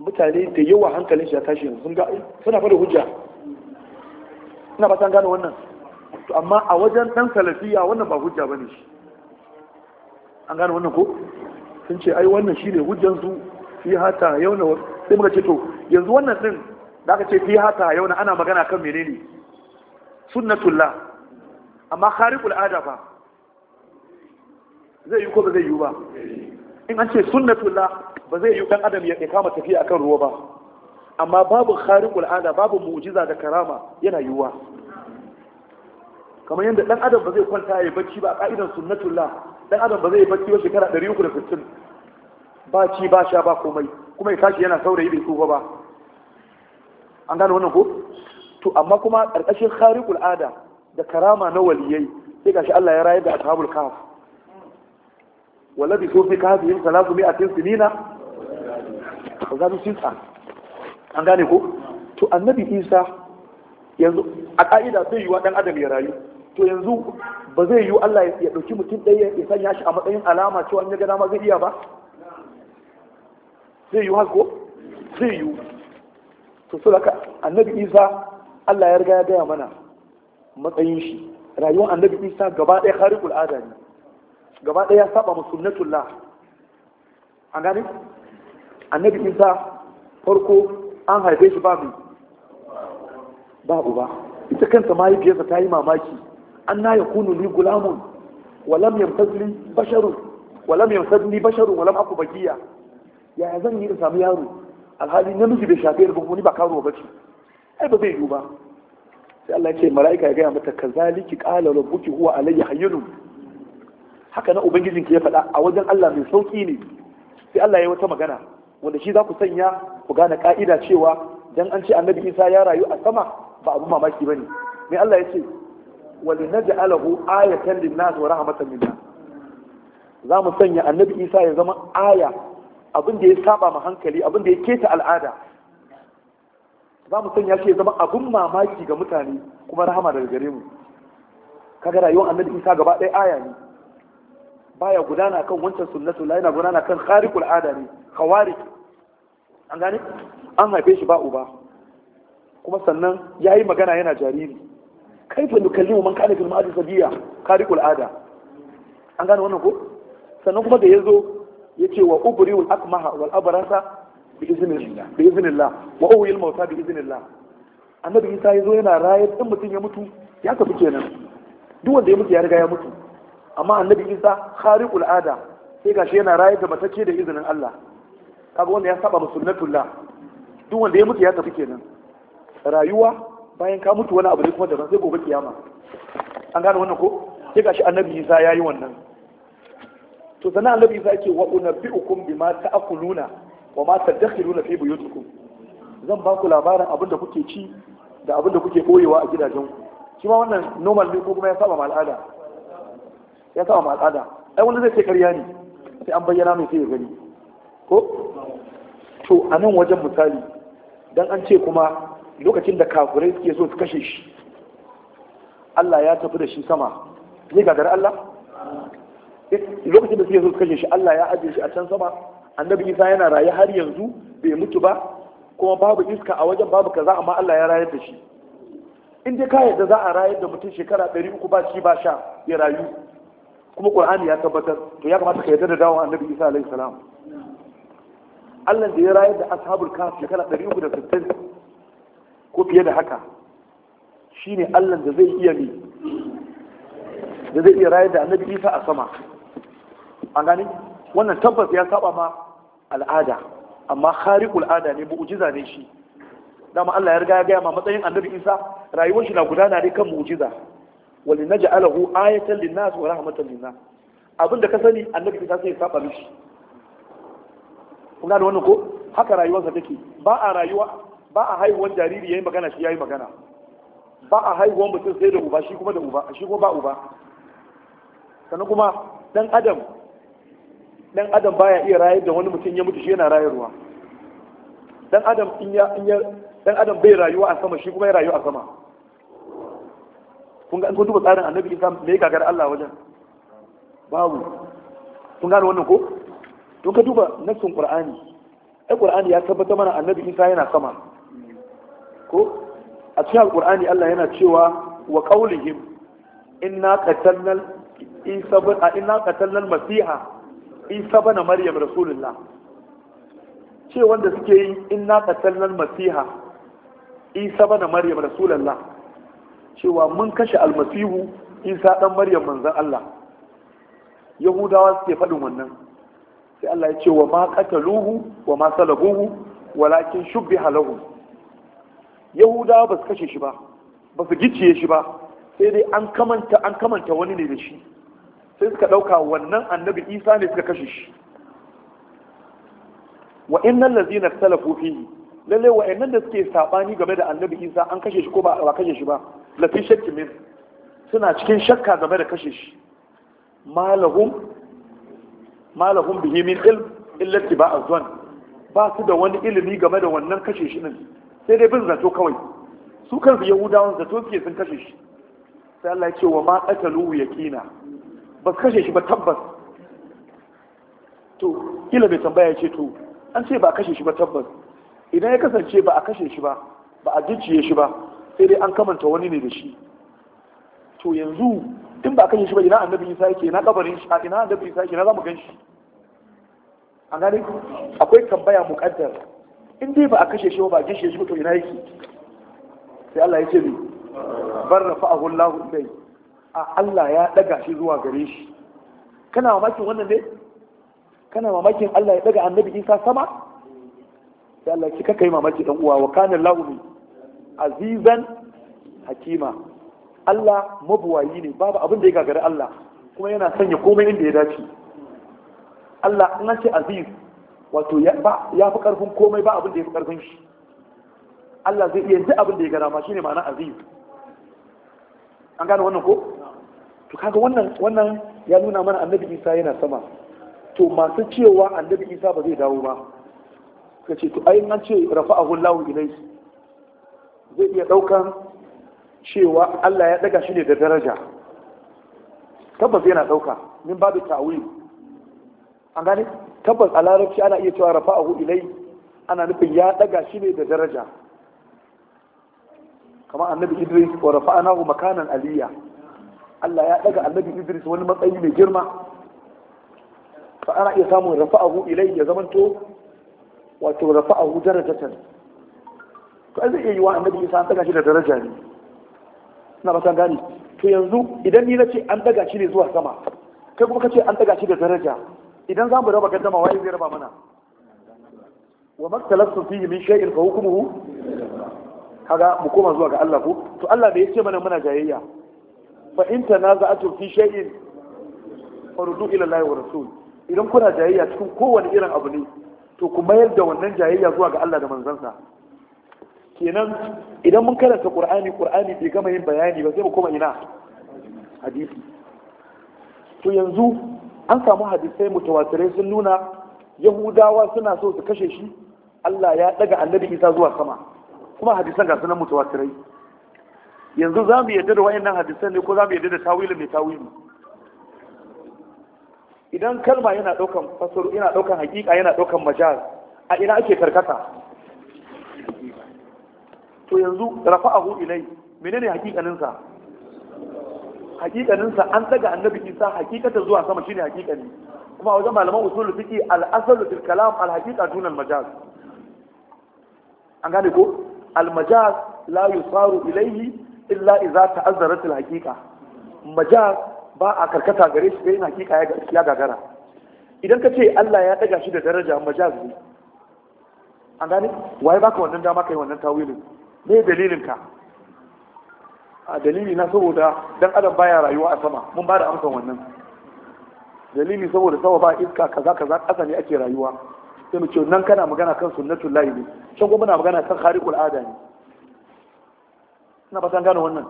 mutane da yawa hankalin shi ya tashi yanzu. sun ga suna fara hujja ina ba san gane wannan to amma a wajen dan salafiya wannan ba hujja bane shi an gane wannan ko sun ce ai wannan shine hujjan su fi hata yauna sai muka ce to yanzu wannan din da aka ce fi hata yauna ana magana kan menene sunnatullah amma khariqul ada fa zai yi ko ba zai yi ba in an ce sunnatullah ba zai yi dan adam ya kama tafiya akan ruwa ba amma babu khariqul ada babu mu'jiza da karama yana yiwuwa kamar yadda dan adam ba zai kwanta ya bacci ba a ka'idan sunnatullah dan adam ba zai yi bacci ba shekara 360 ba ci ba sha ba komai kuma ya tashi yana saurayi bai tsufa ba an gane wannan ko to amma kuma karkashin khariqul ada da karama na waliyai sai gashi Allah ya rayar da ashabul kahf wallahi su fi kahfihim 300 sinina ba za su sinsa an gane ko to annabi Isa yanzu a ka'ida zai yi wa dan adam ya rayu to yanzu ba zai yiwu Allah ya ɗauki mutum ɗaya ya sanya shi a matsayin alama cewa an ya gada ma zai iya ba zai yiwu ko? zai yiwu to su haka annabi isa Allah ya riga ya gaya mana matsayin shi rayuwar annabi isa gaba ɗaya kari ada ne gaba ɗaya ya saba sunnatullah an gane annabi isa farko an haife shi ba mai ba uba ita kanta mahaifiyarsa ta yi mamaki anna يكون لي gulamun ولم يمتد لي basharun ولم يمتد لي basharun ولم lam aku يا ya zan yi in samu yaro alhali namiji bai أي rubu ni ba الله ba ce ai ba zai قال ربك sai Allah ya ce mala'ika ya gaya mata kazaliki qala rabbuki huwa alayya hayyun haka na ubangijinki ya faɗa a wajen Allah mai sauki ne sai Allah ya wata magana wanda shi za ku sanya ku gane ka'ida cewa dan an ce annabi Isa ya rayu a sama ba abu mamaki bane me Allah ya ce ولنجعله آية للناس ورحمة للناس za mu sanya annabi isa ya zama aya abin da ya saba ma hankali abin da ya keta al'ada za mu sanya shi ya zama abin mamaki ga mutane kuma rahama daga gare mu kaga rayuwar annabi isa gaba ɗaya aya ne baya gudana kan wancan sunnatu la yana gudana kan khariqul ada ne khawarij an gane an haife shi ba uba kuma sannan yayi magana yana jariri kaifa nukallimu man kana fil ma'adi sabiya kariqul ada an gane wannan ko sannan kuma da yazo yace wa ubriul akmaha wal abrasa bi iznillah bi iznillah wa al mawta bi iznillah annabi Isa yazo yana rayar din mutum ya mutu ya tafi kenan duk wanda ya mutu ya riga ya mutu amma annabi Isa kari ada sai gashi yana rayar da matacce da izinin Allah kaga wanda ya saba sunnatullah duk wanda ya mutu ya tafi kenan rayuwa bayan ka mutu wani abu ne kuma daban sai gobe kiyama an gane wannan ko sai gashi annabi Isa yayi wannan to sanan annabi Isa yake wa unabbiukum bima ta'kuluna wa ma tadkhuluna fi buyutikum zan ba ku labarin abin da kuke ci da abin da kuke koyewa a gidajen ku shi ma wannan normal ne ko kuma ya saba ma al'ada ya saba al'ada ai wanda zai ce ƙarya ne sai an bayyana mai sai ya gani ko to a nan wajen misali dan an ce kuma lokacin da kafirai suke so su kashe shi Allah ya tafi da shi sama ne gagar Allah lokacin da suke so su kashe shi Allah ya ajiye shi a can sama annabi Isa yana raye har yanzu bai mutu ba kuma babu iska a wajen babu kaza amma Allah ya rayar da shi in dai ka yadda za a rayar da mutum shekara 300 ba shi ba sha ya rayu kuma ƙur'ani ya tabbatar to ya kamata ka yarda da dawon annabi Isa alaihi salam Allah da ya rayar da ashabul kahf shekara ɗari uku da sittin? ko fiye da haka ne Allah da zai iya ne da zai iya rayar da annabi Isa a sama an gani wannan tabbas ya saba ma al'ada amma khariqul ada ne mu'jiza ne shi dama Allah ya riga ya gaya ma matsayin annabi Isa rayuwar shi na gudana ne kan mu'jiza na ja'alahu ayatan linnas wa rahmatan linnas abinda ka sani annabi Isa sai ya saba mishi kun gane wannan ko haka rayuwarsa take ba a rayuwa ba a haihuwan jariri ya yi magana shi ya yi magana ba a haihuwan mutum sai da uba shi kuma da uba shi kuma ba uba sannan kuma dan adam dan adam baya iya rayar da wani mutum ya mutu shi yana rayarwa dan adam in ya in ya dan adam bai rayuwa a sama shi kuma ya rayu a sama kun ga an duba tsarin annabi isa me ya gagar Allah wajen babu kun gane wannan ko to ka duba nassin qur'ani ai qur'ani ya tabbata mana annabi isa yana sama ko a cikin alkur'ani Allah yana cewa wa qaulihim inna qatalnal isa bin inna qatalnal masiha isa bin maryam rasulullah ce wanda suke yi inna qatalnal masiha isa bin maryam rasulullah cewa mun kashe almasihu isa dan maryam manzon Allah yahudawa suke faɗin wannan sai Allah ya ce wa ma qataluhu wa ma salabuhu walakin shubbiha lahum yahudawa ba su kashe shi ba ba su gicciye shi ba sai dai an kamanta an kamanta wani ne da shi sai suka ɗauka wannan annabi isa ne suka kashe shi wa innan lazina salafu fihi lalle wa innan da suke sabani game da annabi isa an kashe shi ko ba a kashe shi ba lafi shakki min suna cikin shakka game da kashe shi malahum malahum bihi min ilm illa tiba'a zan ba su da wani ilimi game da wannan kashe shi din sai dai bin zato kawai su kansu yahudawan zato suke sun kashe shi sai Allah ya ce wa ma ya yaqina ba kashe shi ba tabbas to kila bai tambaya ya ce to an ce ba kashe shi ba tabbas idan ya kasance ba a kashe shi ba ba a gicciye shi ba sai dai an kamanta wani ne da shi to yanzu in ba a kashe shi ba ina annabi Isa yake na kabarin shi ina annabi Isa yake Na zamu gan shi an gane akwai tambaya muqaddar in dai ba a kashe shi ba a kashe shi to ina yake sai Allah ya ce ni bar rafa'ahu Allahu ilayhi a Allah ya daga shi zuwa gare shi kana mamakin wannan ne kana mamakin Allah ya daga annabi Isa sama sai Allah ki ce yi mamaki dan uwa wa kana Allahu azizan hakima Allah mabuwayi ne babu abin da ya gagari Allah kuma yana sanya komai inda ya dace Allah in ce aziz wato ya fi karfin komai ba abin da ya fi karfin shi Allah zai iya duk abin da ya gara ma shine ma'ana azim an gane wannan ko to kaga wannan wannan ya nuna mana annabi Isa yana sama to masu cewa annabi Isa ba zai dawo ba ka ce to ai an ce rafa rafa'ahu Allahu ilai. zai iya daukan cewa Allah ya daga shi ne da daraja tabbas yana dauka min babu ta'wil an gane tabbas a larabci ana iya cewa rafa rafa'ahu ilai ana nufin ya daga shi ne da daraja kamar annabi idris wa rafa'anahu makanan aliyya Allah ya daga annabi idris wani matsayi mai girma fa ana iya samun rafa'ahu ilai ya zamanto wato rafa'ahu darajatan to zai iya yi wa annabi isa an daga shi da daraja ne ina ba gani to yanzu idan ni na ce an daga shi ne zuwa sama kai kuma ka ce an daga shi da daraja idan za mu raba gaddama waye zai raba mana wa maktalaftu fihi min shay'in fa hukmuhu kaga mu koma zuwa ga Allah ko to Allah da yace mana muna jayayya fa in tanaza'atu fi shay'in faruddu ila Allah wa rasul idan kuna jayayya cikin kowanne irin abu ne to ku mayar da wannan jayayya zuwa ga Allah da manzansa kenan idan mun karanta qur'ani qur'ani bai gama yin bayani ba sai mu koma ina hadisi to yanzu an samu hadisai mutawatirai sun nuna yahudawa suna so su kashe shi Allah ya daga annabi Isa zuwa sama kuma hadisan ga sunan mutawatirai yanzu za mu yadda da wayannan hadisan ne ko za mu yadda da tawilin mai tawili idan kalma yana daukan fasaru yana daukan hakika yana daukan majaz a ina ake karkata to yanzu rafa'ahu ilai menene hakikanin sa hakikaninsa an daga annabi isa hakikata zuwa sama shine hakikani kuma wajen malaman usul fiqi al asal fil kalam al haqiqa dun al majaz an gane ko al majaz la yusaru ilayhi illa idza ta'azzarat al haqiqa majaz ba a karkata gare shi sai hakika ya gagara idan ka ce Allah ya daga shi da daraja majaz ne an gane waye baka wannan dama kai wannan tawilin me dalilin ka a dalili na saboda dan adam baya rayuwa a sama mun ba da amsan wannan dalili saboda sama ba iska kaza kaza kasa ne ake rayuwa sai mu ce nan kana magana kan sunnatul lahi ne can kuma muna magana kan khariqul ada ne ina ba gane wannan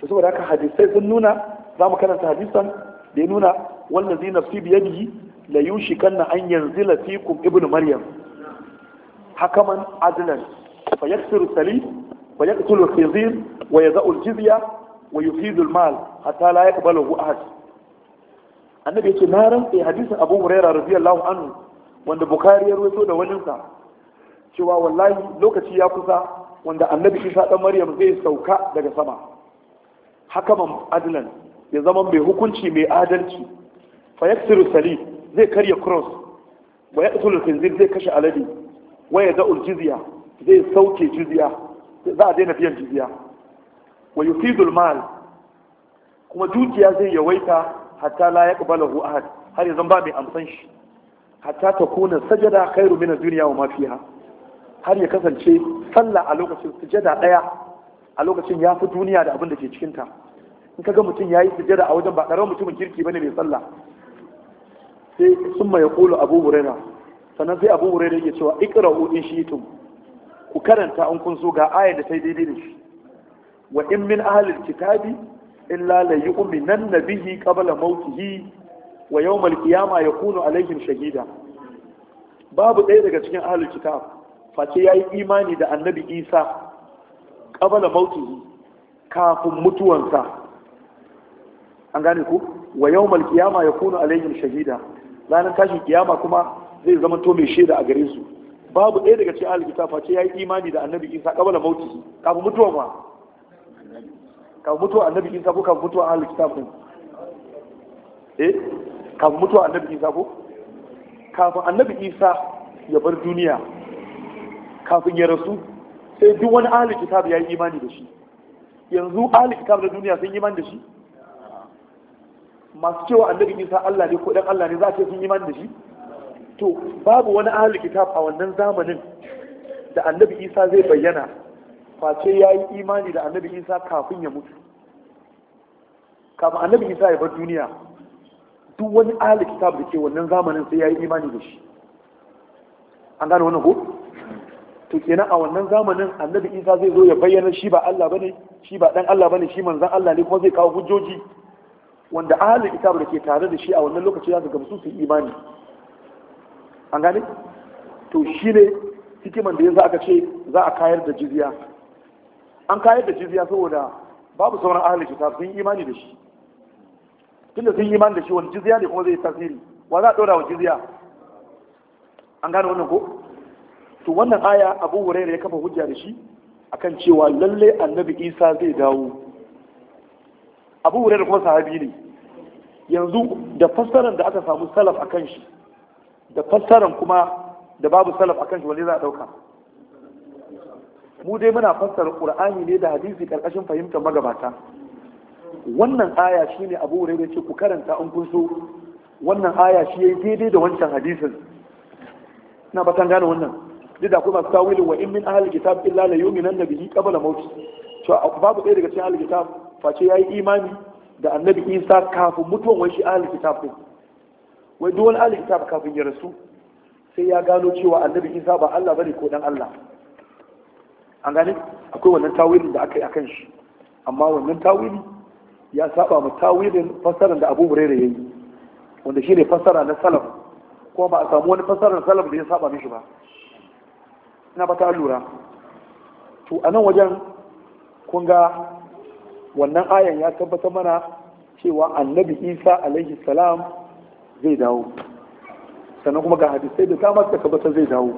to saboda haka hadisai sun nuna za mu karanta hadisan da ya nuna wallazi nafsi biyadihi la yushikanna an yanzila fikum ibnu maryam hakaman adlan fayaksiru salim wa yaqtulu al-khizir wa yada'u al-jizya wa yufidu al-mal hatta la yaqbalu ahad annabi yake na rantsa hadisin Abu da radiyallahu anhu wanda Bukhari ya rawaito da wani sa cewa wallahi lokaci ya kusa wanda annabi Isa dan Maryam zai sauka daga sama hakaman adlan ya zama mai hukunci mai adalci fa yaksiru salib zai karya cross wa yaqtulu al-khinzir zai kashe alade wa yada'u al zai sauke jizya za a daina biyan jizya wa yufidul mal kuma dukiya zai yawaita hatta la yaqbalahu ahad har yanzu ba mai amsan shi hatta ta kuna sajada khairu min dunya wa ma fiha har ya kasance sallah a lokacin sujada daya a lokacin ya fi duniya da abin da ke cikin ta in kaga mutum yayi sujada a wajen ba karamin mutumin kirki bane mai sallah sai summa yaqulu abu hurairah sannan sai abu hurairah yake cewa iqra'u in shi'tum ku karanta an kun so ga ayar da ta yi daidai da shi wa in min ahlil kitabi illa la na bihi qabla mautihi wa yawmal ya yakunu alaihim shahida babu ɗaya daga cikin ahlul kitab face yayi imani da annabi Isa qabla mautihi kafin mutuwansa an gane ku wa yawmal ya yakunu alaihim shahida ranar tashin kiyama kuma zai zama to mai shaida a gare su babu ɗaya daga cikin ahlul kitab face yayi imani da annabi Isa kabala mauti kafin mutuwa ma kafin mutuwa annabi Isa ko kafin mutuwa ahlul kitab din eh kafin mutuwa annabi Isa ko kafin annabi Isa ya bar duniya kafin ya rasu sai duk wani ahlul kitab yayi imani da shi yanzu ahlul kitab na duniya sun yi imani da shi masu cewa annabi Isa Allah ne ko dan Allah ne za a ce sun yi imani da shi to babu wani ahalin kitab a wannan zamanin da annabi isa zai bayyana face ya yi imani da annabi isa kafin ya mutu kafin annabi isa ya bar duniya duk wani ahalin kitab da ke wannan zamanin sai ya yi imani da shi an gane wannan ko to kenan a wannan zamanin annabi isa zai zo ya bayyana shi ba allah bane shi ba dan allah bane shi manzan allah ne kuma zai kawo hujjoji wanda ahalin kitab da ke tare da shi a wannan lokaci za su gamsu su imani an gane to shi ne hikiman da yanzu aka ce za a kayar da jizya an kayar da jizya saboda babu sauran ahalin kitab sun imani da shi tunda sun imani da shi wani jizya ne kuma zai tasiri wa za a ɗora wa jizya an gane wannan ko to wannan aya abu hurairah ya kafa hujja da shi akan cewa lalle annabi isa zai dawo abu hurairah kuma sahabi ne yanzu da fassarar da aka samu salaf akan shi da fassaran kuma da babu salaf akan shi wani za a ɗauka mu dai muna fassara qur'ani ne da hadisi karkashin fahimtar magabata wannan aya shine abu hurairah ce ku karanta an kun so wannan aya shi yayi daidai da wancan hadisin ina ba tan gane wannan duk da kuma tawili wa in min ahli kitab illa la yu'minanna nabiyyi qabla mawti to babu ɗaya daga cikin ahli kitab face yayi imani da annabi Isa kafin mutuwan wani shi ahli kitab din wai duk wani ahli kitab kafin ya rasu sai ya gano cewa annabi Isa ba Allah bane ko dan Allah an gane akwai wannan tawilin da aka yi akan shi amma wannan tawili ya saba mu tawilin fasaran da Abu Hurairah yayi wanda shine fasara na salaf ko ba a samu wani fasaran salaf da ya saba mishi ba ina ba ta lura to a nan wajen kun ga wannan ayan ya tabbata mana cewa annabi isa alaihi salam zai dawo sannan kuma ga hadisai da dama suka tabbatar zai dawo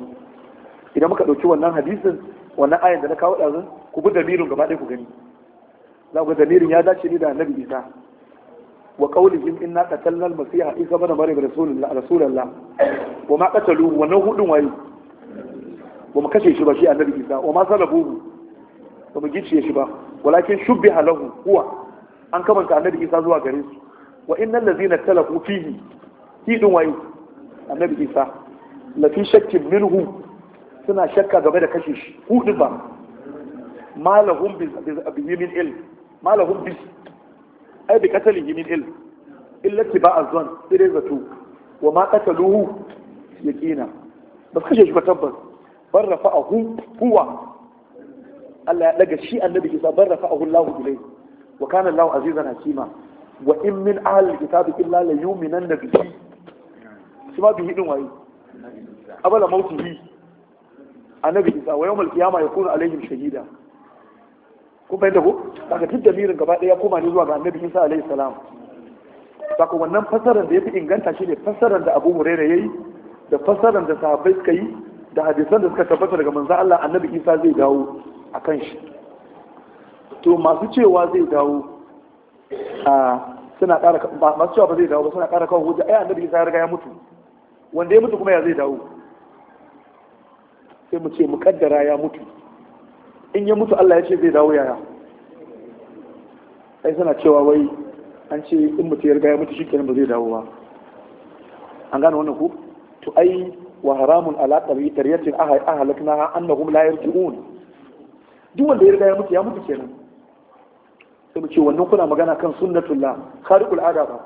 idan muka ɗauki wannan hadisin wannan ayan da na kawo ɗazun ku bi damirin gaba ɗaya ku gani za ku ga damirin ya dace ne da annabi isa wa qawlihim inna qatalna al-masiha isa bana maryam rasulullah rasulullah wa ma qataluhu wannan hudun waye ba mu kashe shi ba shi annabi isa wa ma salabuhu ba mu gice shi ba walakin shubbiha lahu huwa an kamanta annabi isa zuwa gare su wa innal ladzina talafu fihi hi wayo annabi isa la fi shakkin minhu suna shakka game da kashe shi hu din ba malahum bi min il malahum bi ay bi katali min il illa tiba'a azwan sai dai zato wa ma qataluhu yaqina bas kashe shi ba tabbas bar rafa'ahu huwa Allah ya daga shi annabi isa bar rafa'ahu Allahu ilayhi wa kana Allah azizan hakima wa in min ahli kitabi illa la yu'minanna bihi shi ma bihi din waye abala mautihi annabi isa wa yawmal qiyama yakunu alaihim shahida bai da ko daga duk damirin gaba daya koma ne zuwa ga annabi isa alaihi salam saka wannan fasaran da ya fi inganta shi ne fasaran da abu huraira yayi da fasaran da sahabbai suka yi da hadisan da suka tabbata daga manzo Allah annabi isa zai dawo a kan shi to masu cewa zai dawo a suna ƙara masu cewa ba zai dawo ba suna ƙara kawo hujja ai annabi isa ya riga ya mutu wanda ya mutu kuma ya zai dawo sai mu ce mu kaddara ya mutu in ya mutu Allah ya ce zai dawo yaya ai suna cewa wai an ce in mutu ya riga ya mutu shikenan ba zai dawo ba an gane wannan ku to ai wa haramun ala tariyatin ahalakna annahum la yarji'un duk wanda ya riga ya mutu ya mutu kenan sai mu ce wannan kuna magana kan sunnatullah khariqul adaba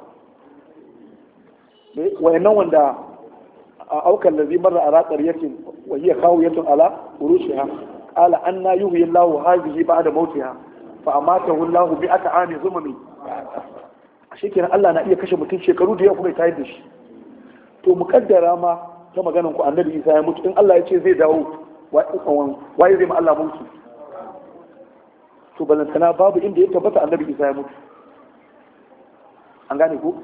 ba wayannan wanda A aukan lazi a ratsar qaryatin wa hiya khawiyatun ala urushiha qala anna yuhyi Allahu hadhihi ba'da mautiha fa amatahu Allahu bi at'ami zumami shikenan Allah na iya kashe mutum shekaru da yawa kuma ya tayar da shi to mukaddara ma ta maganan ku annabi Isa ya mutu in Allah ya ce zai dawo waye zai ma Allah mutu to balantana babu inda ya tabbata annabi Isa ya mutu an gane ku?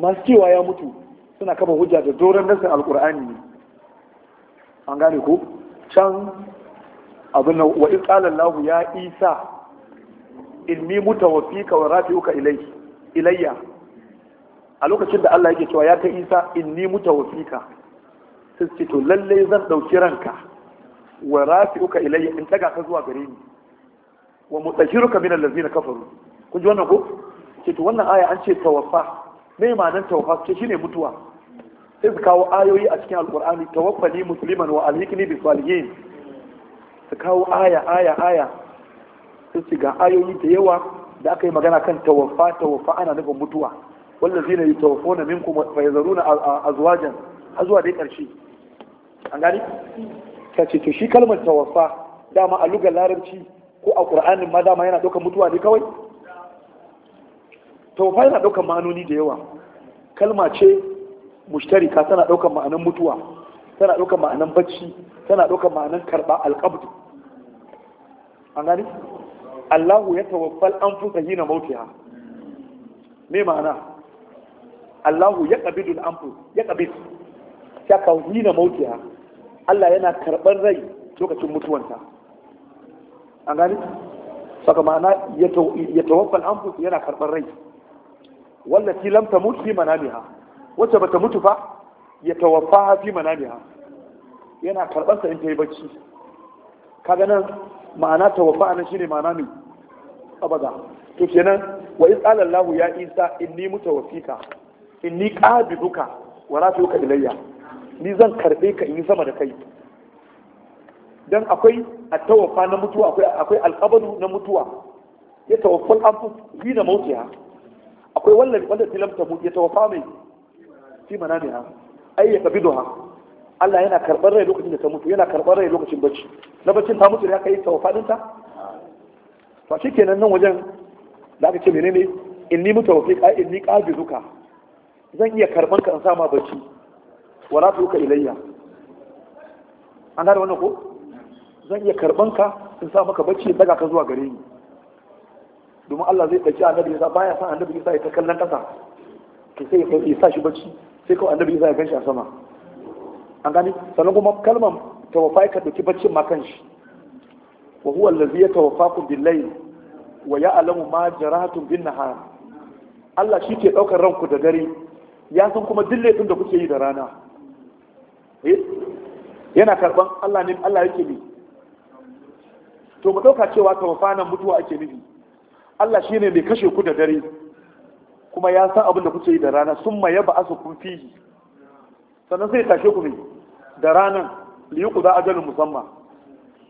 masu cewa ya mutu suna kama hujja da doron nasar alkur'ani ne an gane ku? can abin nan wa lahu ya isa inni mutawaffika wa rafi uka ilayya a lokacin da Allah yake cewa ya ta isa inni ka su ce to lalle zan ɗauki ranka wa uka ilayya in taga ka zuwa gare ni wa mutahiruka min allazina kafaru kun ji wannan ko ce to wannan aya an ce tawaffa me ma'anar tawaffa ce shine mutuwa sai su kawo ayoyi a cikin alkur'ani tawaffani musliman wa alhikni bi salihin su kawo aya aya aya sai su ga ayoyi da yawa da aka yi magana kan tawaffa tawaffa ana nufin mutuwa wallazina minku minkum fa yazaruna azwajan har zuwa dai karshe an gani ta ce to shi kalmar tawaffa dama a lugar larabci ko a qur'anin ma dama yana daukar mutuwa ne kawai tawaffa yana daukar ma'anoni da yawa kalma ce mushtarika tana ɗaukar ma'anar mutuwa tana ɗaukar ma'anar bacci tana ɗaukar ma'anar karɓa alƙabdu an gani Allahu ya tawaffal an fusa yi na mautiya me ma'ana Allahu ya ƙabidul an ya ƙabid ya kawo yi na mautiya Allah yana karɓar rai lokacin mutuwanta an gani saka ma'ana ya tawaffal an yana karɓar rai wallafi lam tamut fi manamiha wacce bata mutu ba ya tawaffa hafi manamiha yana karɓar ta in ta yi bacci kaga nan ma'ana tawaffa nan shine ma'ana ne abada to kenan wa iz qala allah ya isa inni mutawaffika inni qabiduka wa rafiuka ilayya ni zan karbe ka in yi sama da kai dan akwai at-tawaffa na mutuwa akwai akwai al na mutuwa ya tawaffal anfus da mautiha akwai wanda wanda tilamta ya tawaffa mai fi manamiha ay yaqbiduha Allah yana karɓar rai lokacin da ta mutu yana karɓar rai lokacin bacci na baccin ta mutu da aka yi tawafadin ta to shikenan nan wajen da aka ce menene inni in ni inni qabiduka zan iya karɓar ka in sa ma bacci wala tuka ilayya an gane wannan ko zan iya karɓar ka in sa maka bacci in daga ka zuwa gare ni domin Allah zai ɗauki annabi sa baya san annabi sa ya ta kallon ƙasa to sai ya sa shi bacci sai kawai annabi isa ya ganshi a sama an gani sannan kuma kalmar tawaffa ka dauki baccin ma shi wa huwa allazi tawafa ku layl wa ya'lamu ma jarahatun bin nahar Allah shi ke daukar ranku da dare ya san kuma duk laifin da kuke yi da rana eh? yana karban Allah ne Allah yake ne to mu dauka cewa tawafa nan mutuwa ake nufi Allah shine mai kashe ku da dare kuma ya san abin da kuke yi da rana sun ma yaba asu kun fihi sannan sai tashe ku da ranan liyu ku za ajalin musamman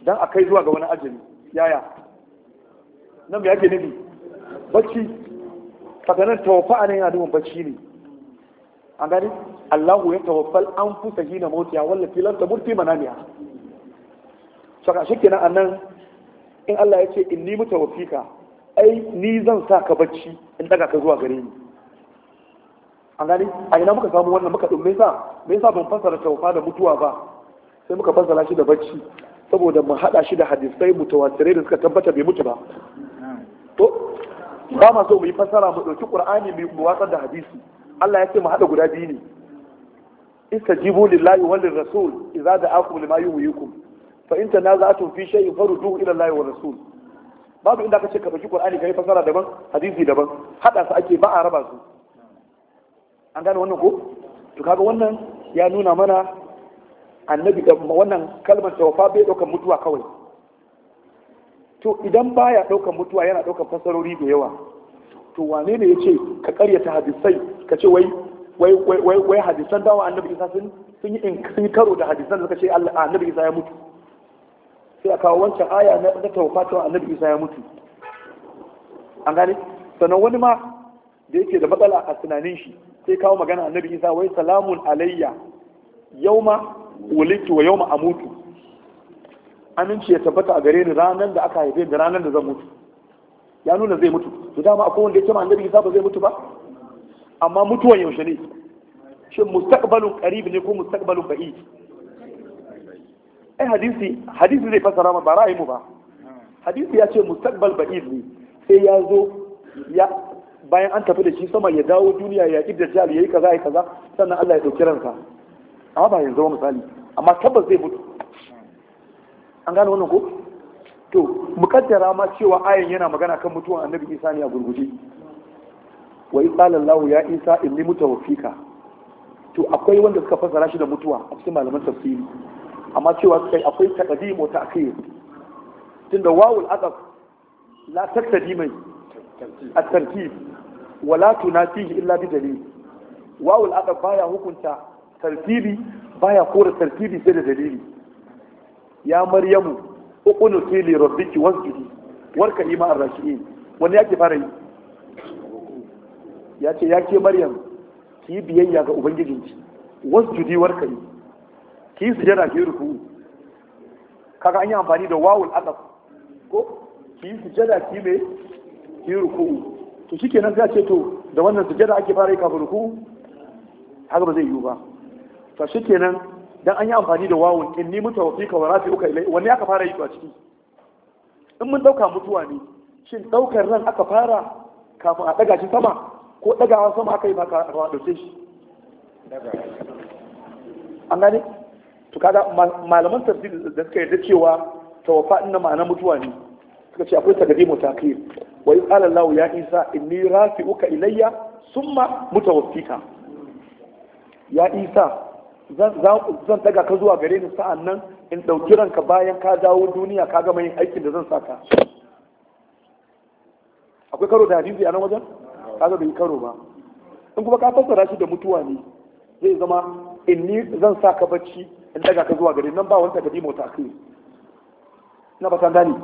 don a kai zuwa ga wani ajali yaya nan me ake nufi bacci tawafa a ne yana nufin bacci ne an gani Allahu ya tawaffal an fusa hina mautiya wallafi lanta tabur fi manamiha saka shi kenan anan in Allah ya ce in ni inni ka. ai ni zan sa ka bacci in daga ka zuwa gare ni an gani a ina muka samu wannan muka dumme sa me yasa ban fassara taufa da mutuwa ba sai muka fassara shi da bacci saboda mu hada shi da hadisai mutawatirai da suka tabbata bai mutu ba to ba ma so mu yi fassara mu dauki qur'ani mu watsar da hadisi Allah ya ce mu hada guda biyu ne istajibu lillahi wal rasul idza da'akum lima yuhyikum fa in tanaza'tum fi shay'in farudduhu ila allahi wal rasul babu inda aka ce ka ɗauki qur'ani kai fasara daban hadisi daban hada su ake ba a raba su an gane wannan ko to kaga wannan ya nuna mana annabi da wannan kalmar tawfa bai ɗaukar mutuwa kawai to idan baya ɗaukar mutuwa yana ɗaukar fasarori da yawa to wane ne yace ka karyata hadisai ka ce wai wai wai wai hadisan dawo annabi isa sun sun yi karo da hadisan da suka ce annabi isa ya mutu sai a kawo wancan aya na da a annabi Isa ya mutu an gane sannan wani ma da yake da matsala a tunanin shi sai kawo magana annabi Isa wai salamun alayya yauma wulitu wa yauma amutu aminci ya tabbata a gare ni ranar da aka haife da ranar da zan mutu ya nuna zai mutu to dama akwai wanda ya ce ma annabi Isa ba zai mutu ba amma mutuwan yaushe ne shin mustaqbalun qarib ne ko mustaqbalun ba'id ai hadisi hadisi zai fasara ma ba ra'ayi mu ba hadisi ya ce mustaqbal ba'id ne sai ya zo ya bayan an tafi da shi sama ya dawo duniya ya idda jal yayi kaza yayi kaza sannan Allah ya dauki ransa amma ba yanzu misali amma tabbas zai mutu an gane wannan ko to mukaddara ma cewa ayan yana magana kan mutuwan annabi Isa ne a gurguje wa qala Allah ya Isa inni mutawaffika to akwai wanda suka fasara shi da mutuwa a cikin malaman tafsiri amma cewa suka yi akwai takadimu ta akai tunda wawul adab la taktadi mai at-tarkib wa la tunafihi illa bi dalil wawul adab baya hukunta tartibi baya kora tartibi sai da dalili ya maryamu uqnuti li rabbiki wasjudi warka ima ar-raki'in wani yake fara yi ya ce ya maryam ki biyayya ga ubangijinki wasjudi warka yi ki yi sujada ki yi ruku kaga an yi amfani da wawul adab ko ki yi sujada ki me ki yi ruku to shikenan sai ce to da wannan sujada ake fara yi kafin ruku haka ba zai yiwu ba to shikenan dan an yi amfani da wawul in ni ka mutawaffika wa uka ilai wanne aka fara yi to a ciki in mun dauka mutuwa ne shin daukar ran aka fara kafin a daga shi sama ko dagawa sama aka yi ba ka dauke shi an gane to kaga malaman tafsir da suka yarda cewa tawafa din ma'ana mutuwa ne suka ce akwai tagadi takhir wa qala Allah ya Isa inni rafi'uka ilayya summa mutawaffika ya Isa zan daga ka zuwa gare ni sa'an nan in dauki ranka bayan ka dawo duniya ka gama yin aikin da zan saka akwai karo da hadisi a nan wajen kaga bai karo ba in kuma ka fassara shi da mutuwa ne zai zama inni zan saka bacci in daga ka zuwa gare nan ba wani takadimu ta akhir na ba san dani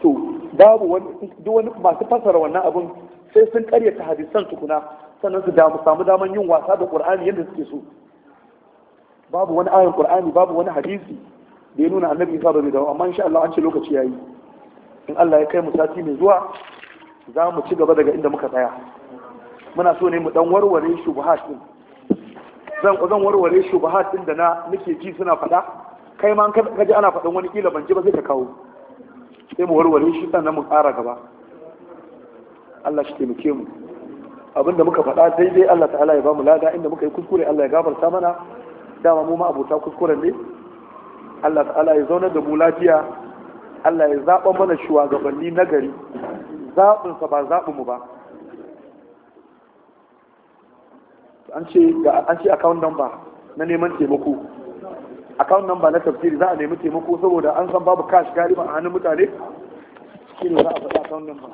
to babu duk wani masu fasara wannan abun sai sun karyata hadisan tukuna sannan su damu samu daman yin wasa da qur'ani yadda suke so babu wani ayin qur'ani babu wani hadisi da ya nuna annabi isa ba zai dawo amma insha Allah an ce lokaci yayi in Allah ya kai mu sati mai zuwa za mu ci gaba daga inda muka tsaya muna so ne mu dan warware shubuhat din zan zan warware shubaha din da na nake ji suna faɗa kai ma ka ji ana faɗan wani kila ban ji ba sai ka kawo sai mu warware shi sannan mu ƙara gaba Allah shi taimake mu abinda muka faɗa daidai Allah ta'ala ya ba mu lada inda muka yi kuskure Allah ya gafarta mana dama mu ma abota kuskuren ne Allah ta'ala ya zauna da mu lafiya Allah ya zaɓa mana shugabanni nagari zaɓinsa ba zaɓinmu mu ba an ce ga an ce account number na neman taimako account number na tafsiri za a nemi taimako saboda an san babu cash galiba a hannun mutane ne za a faɗi account number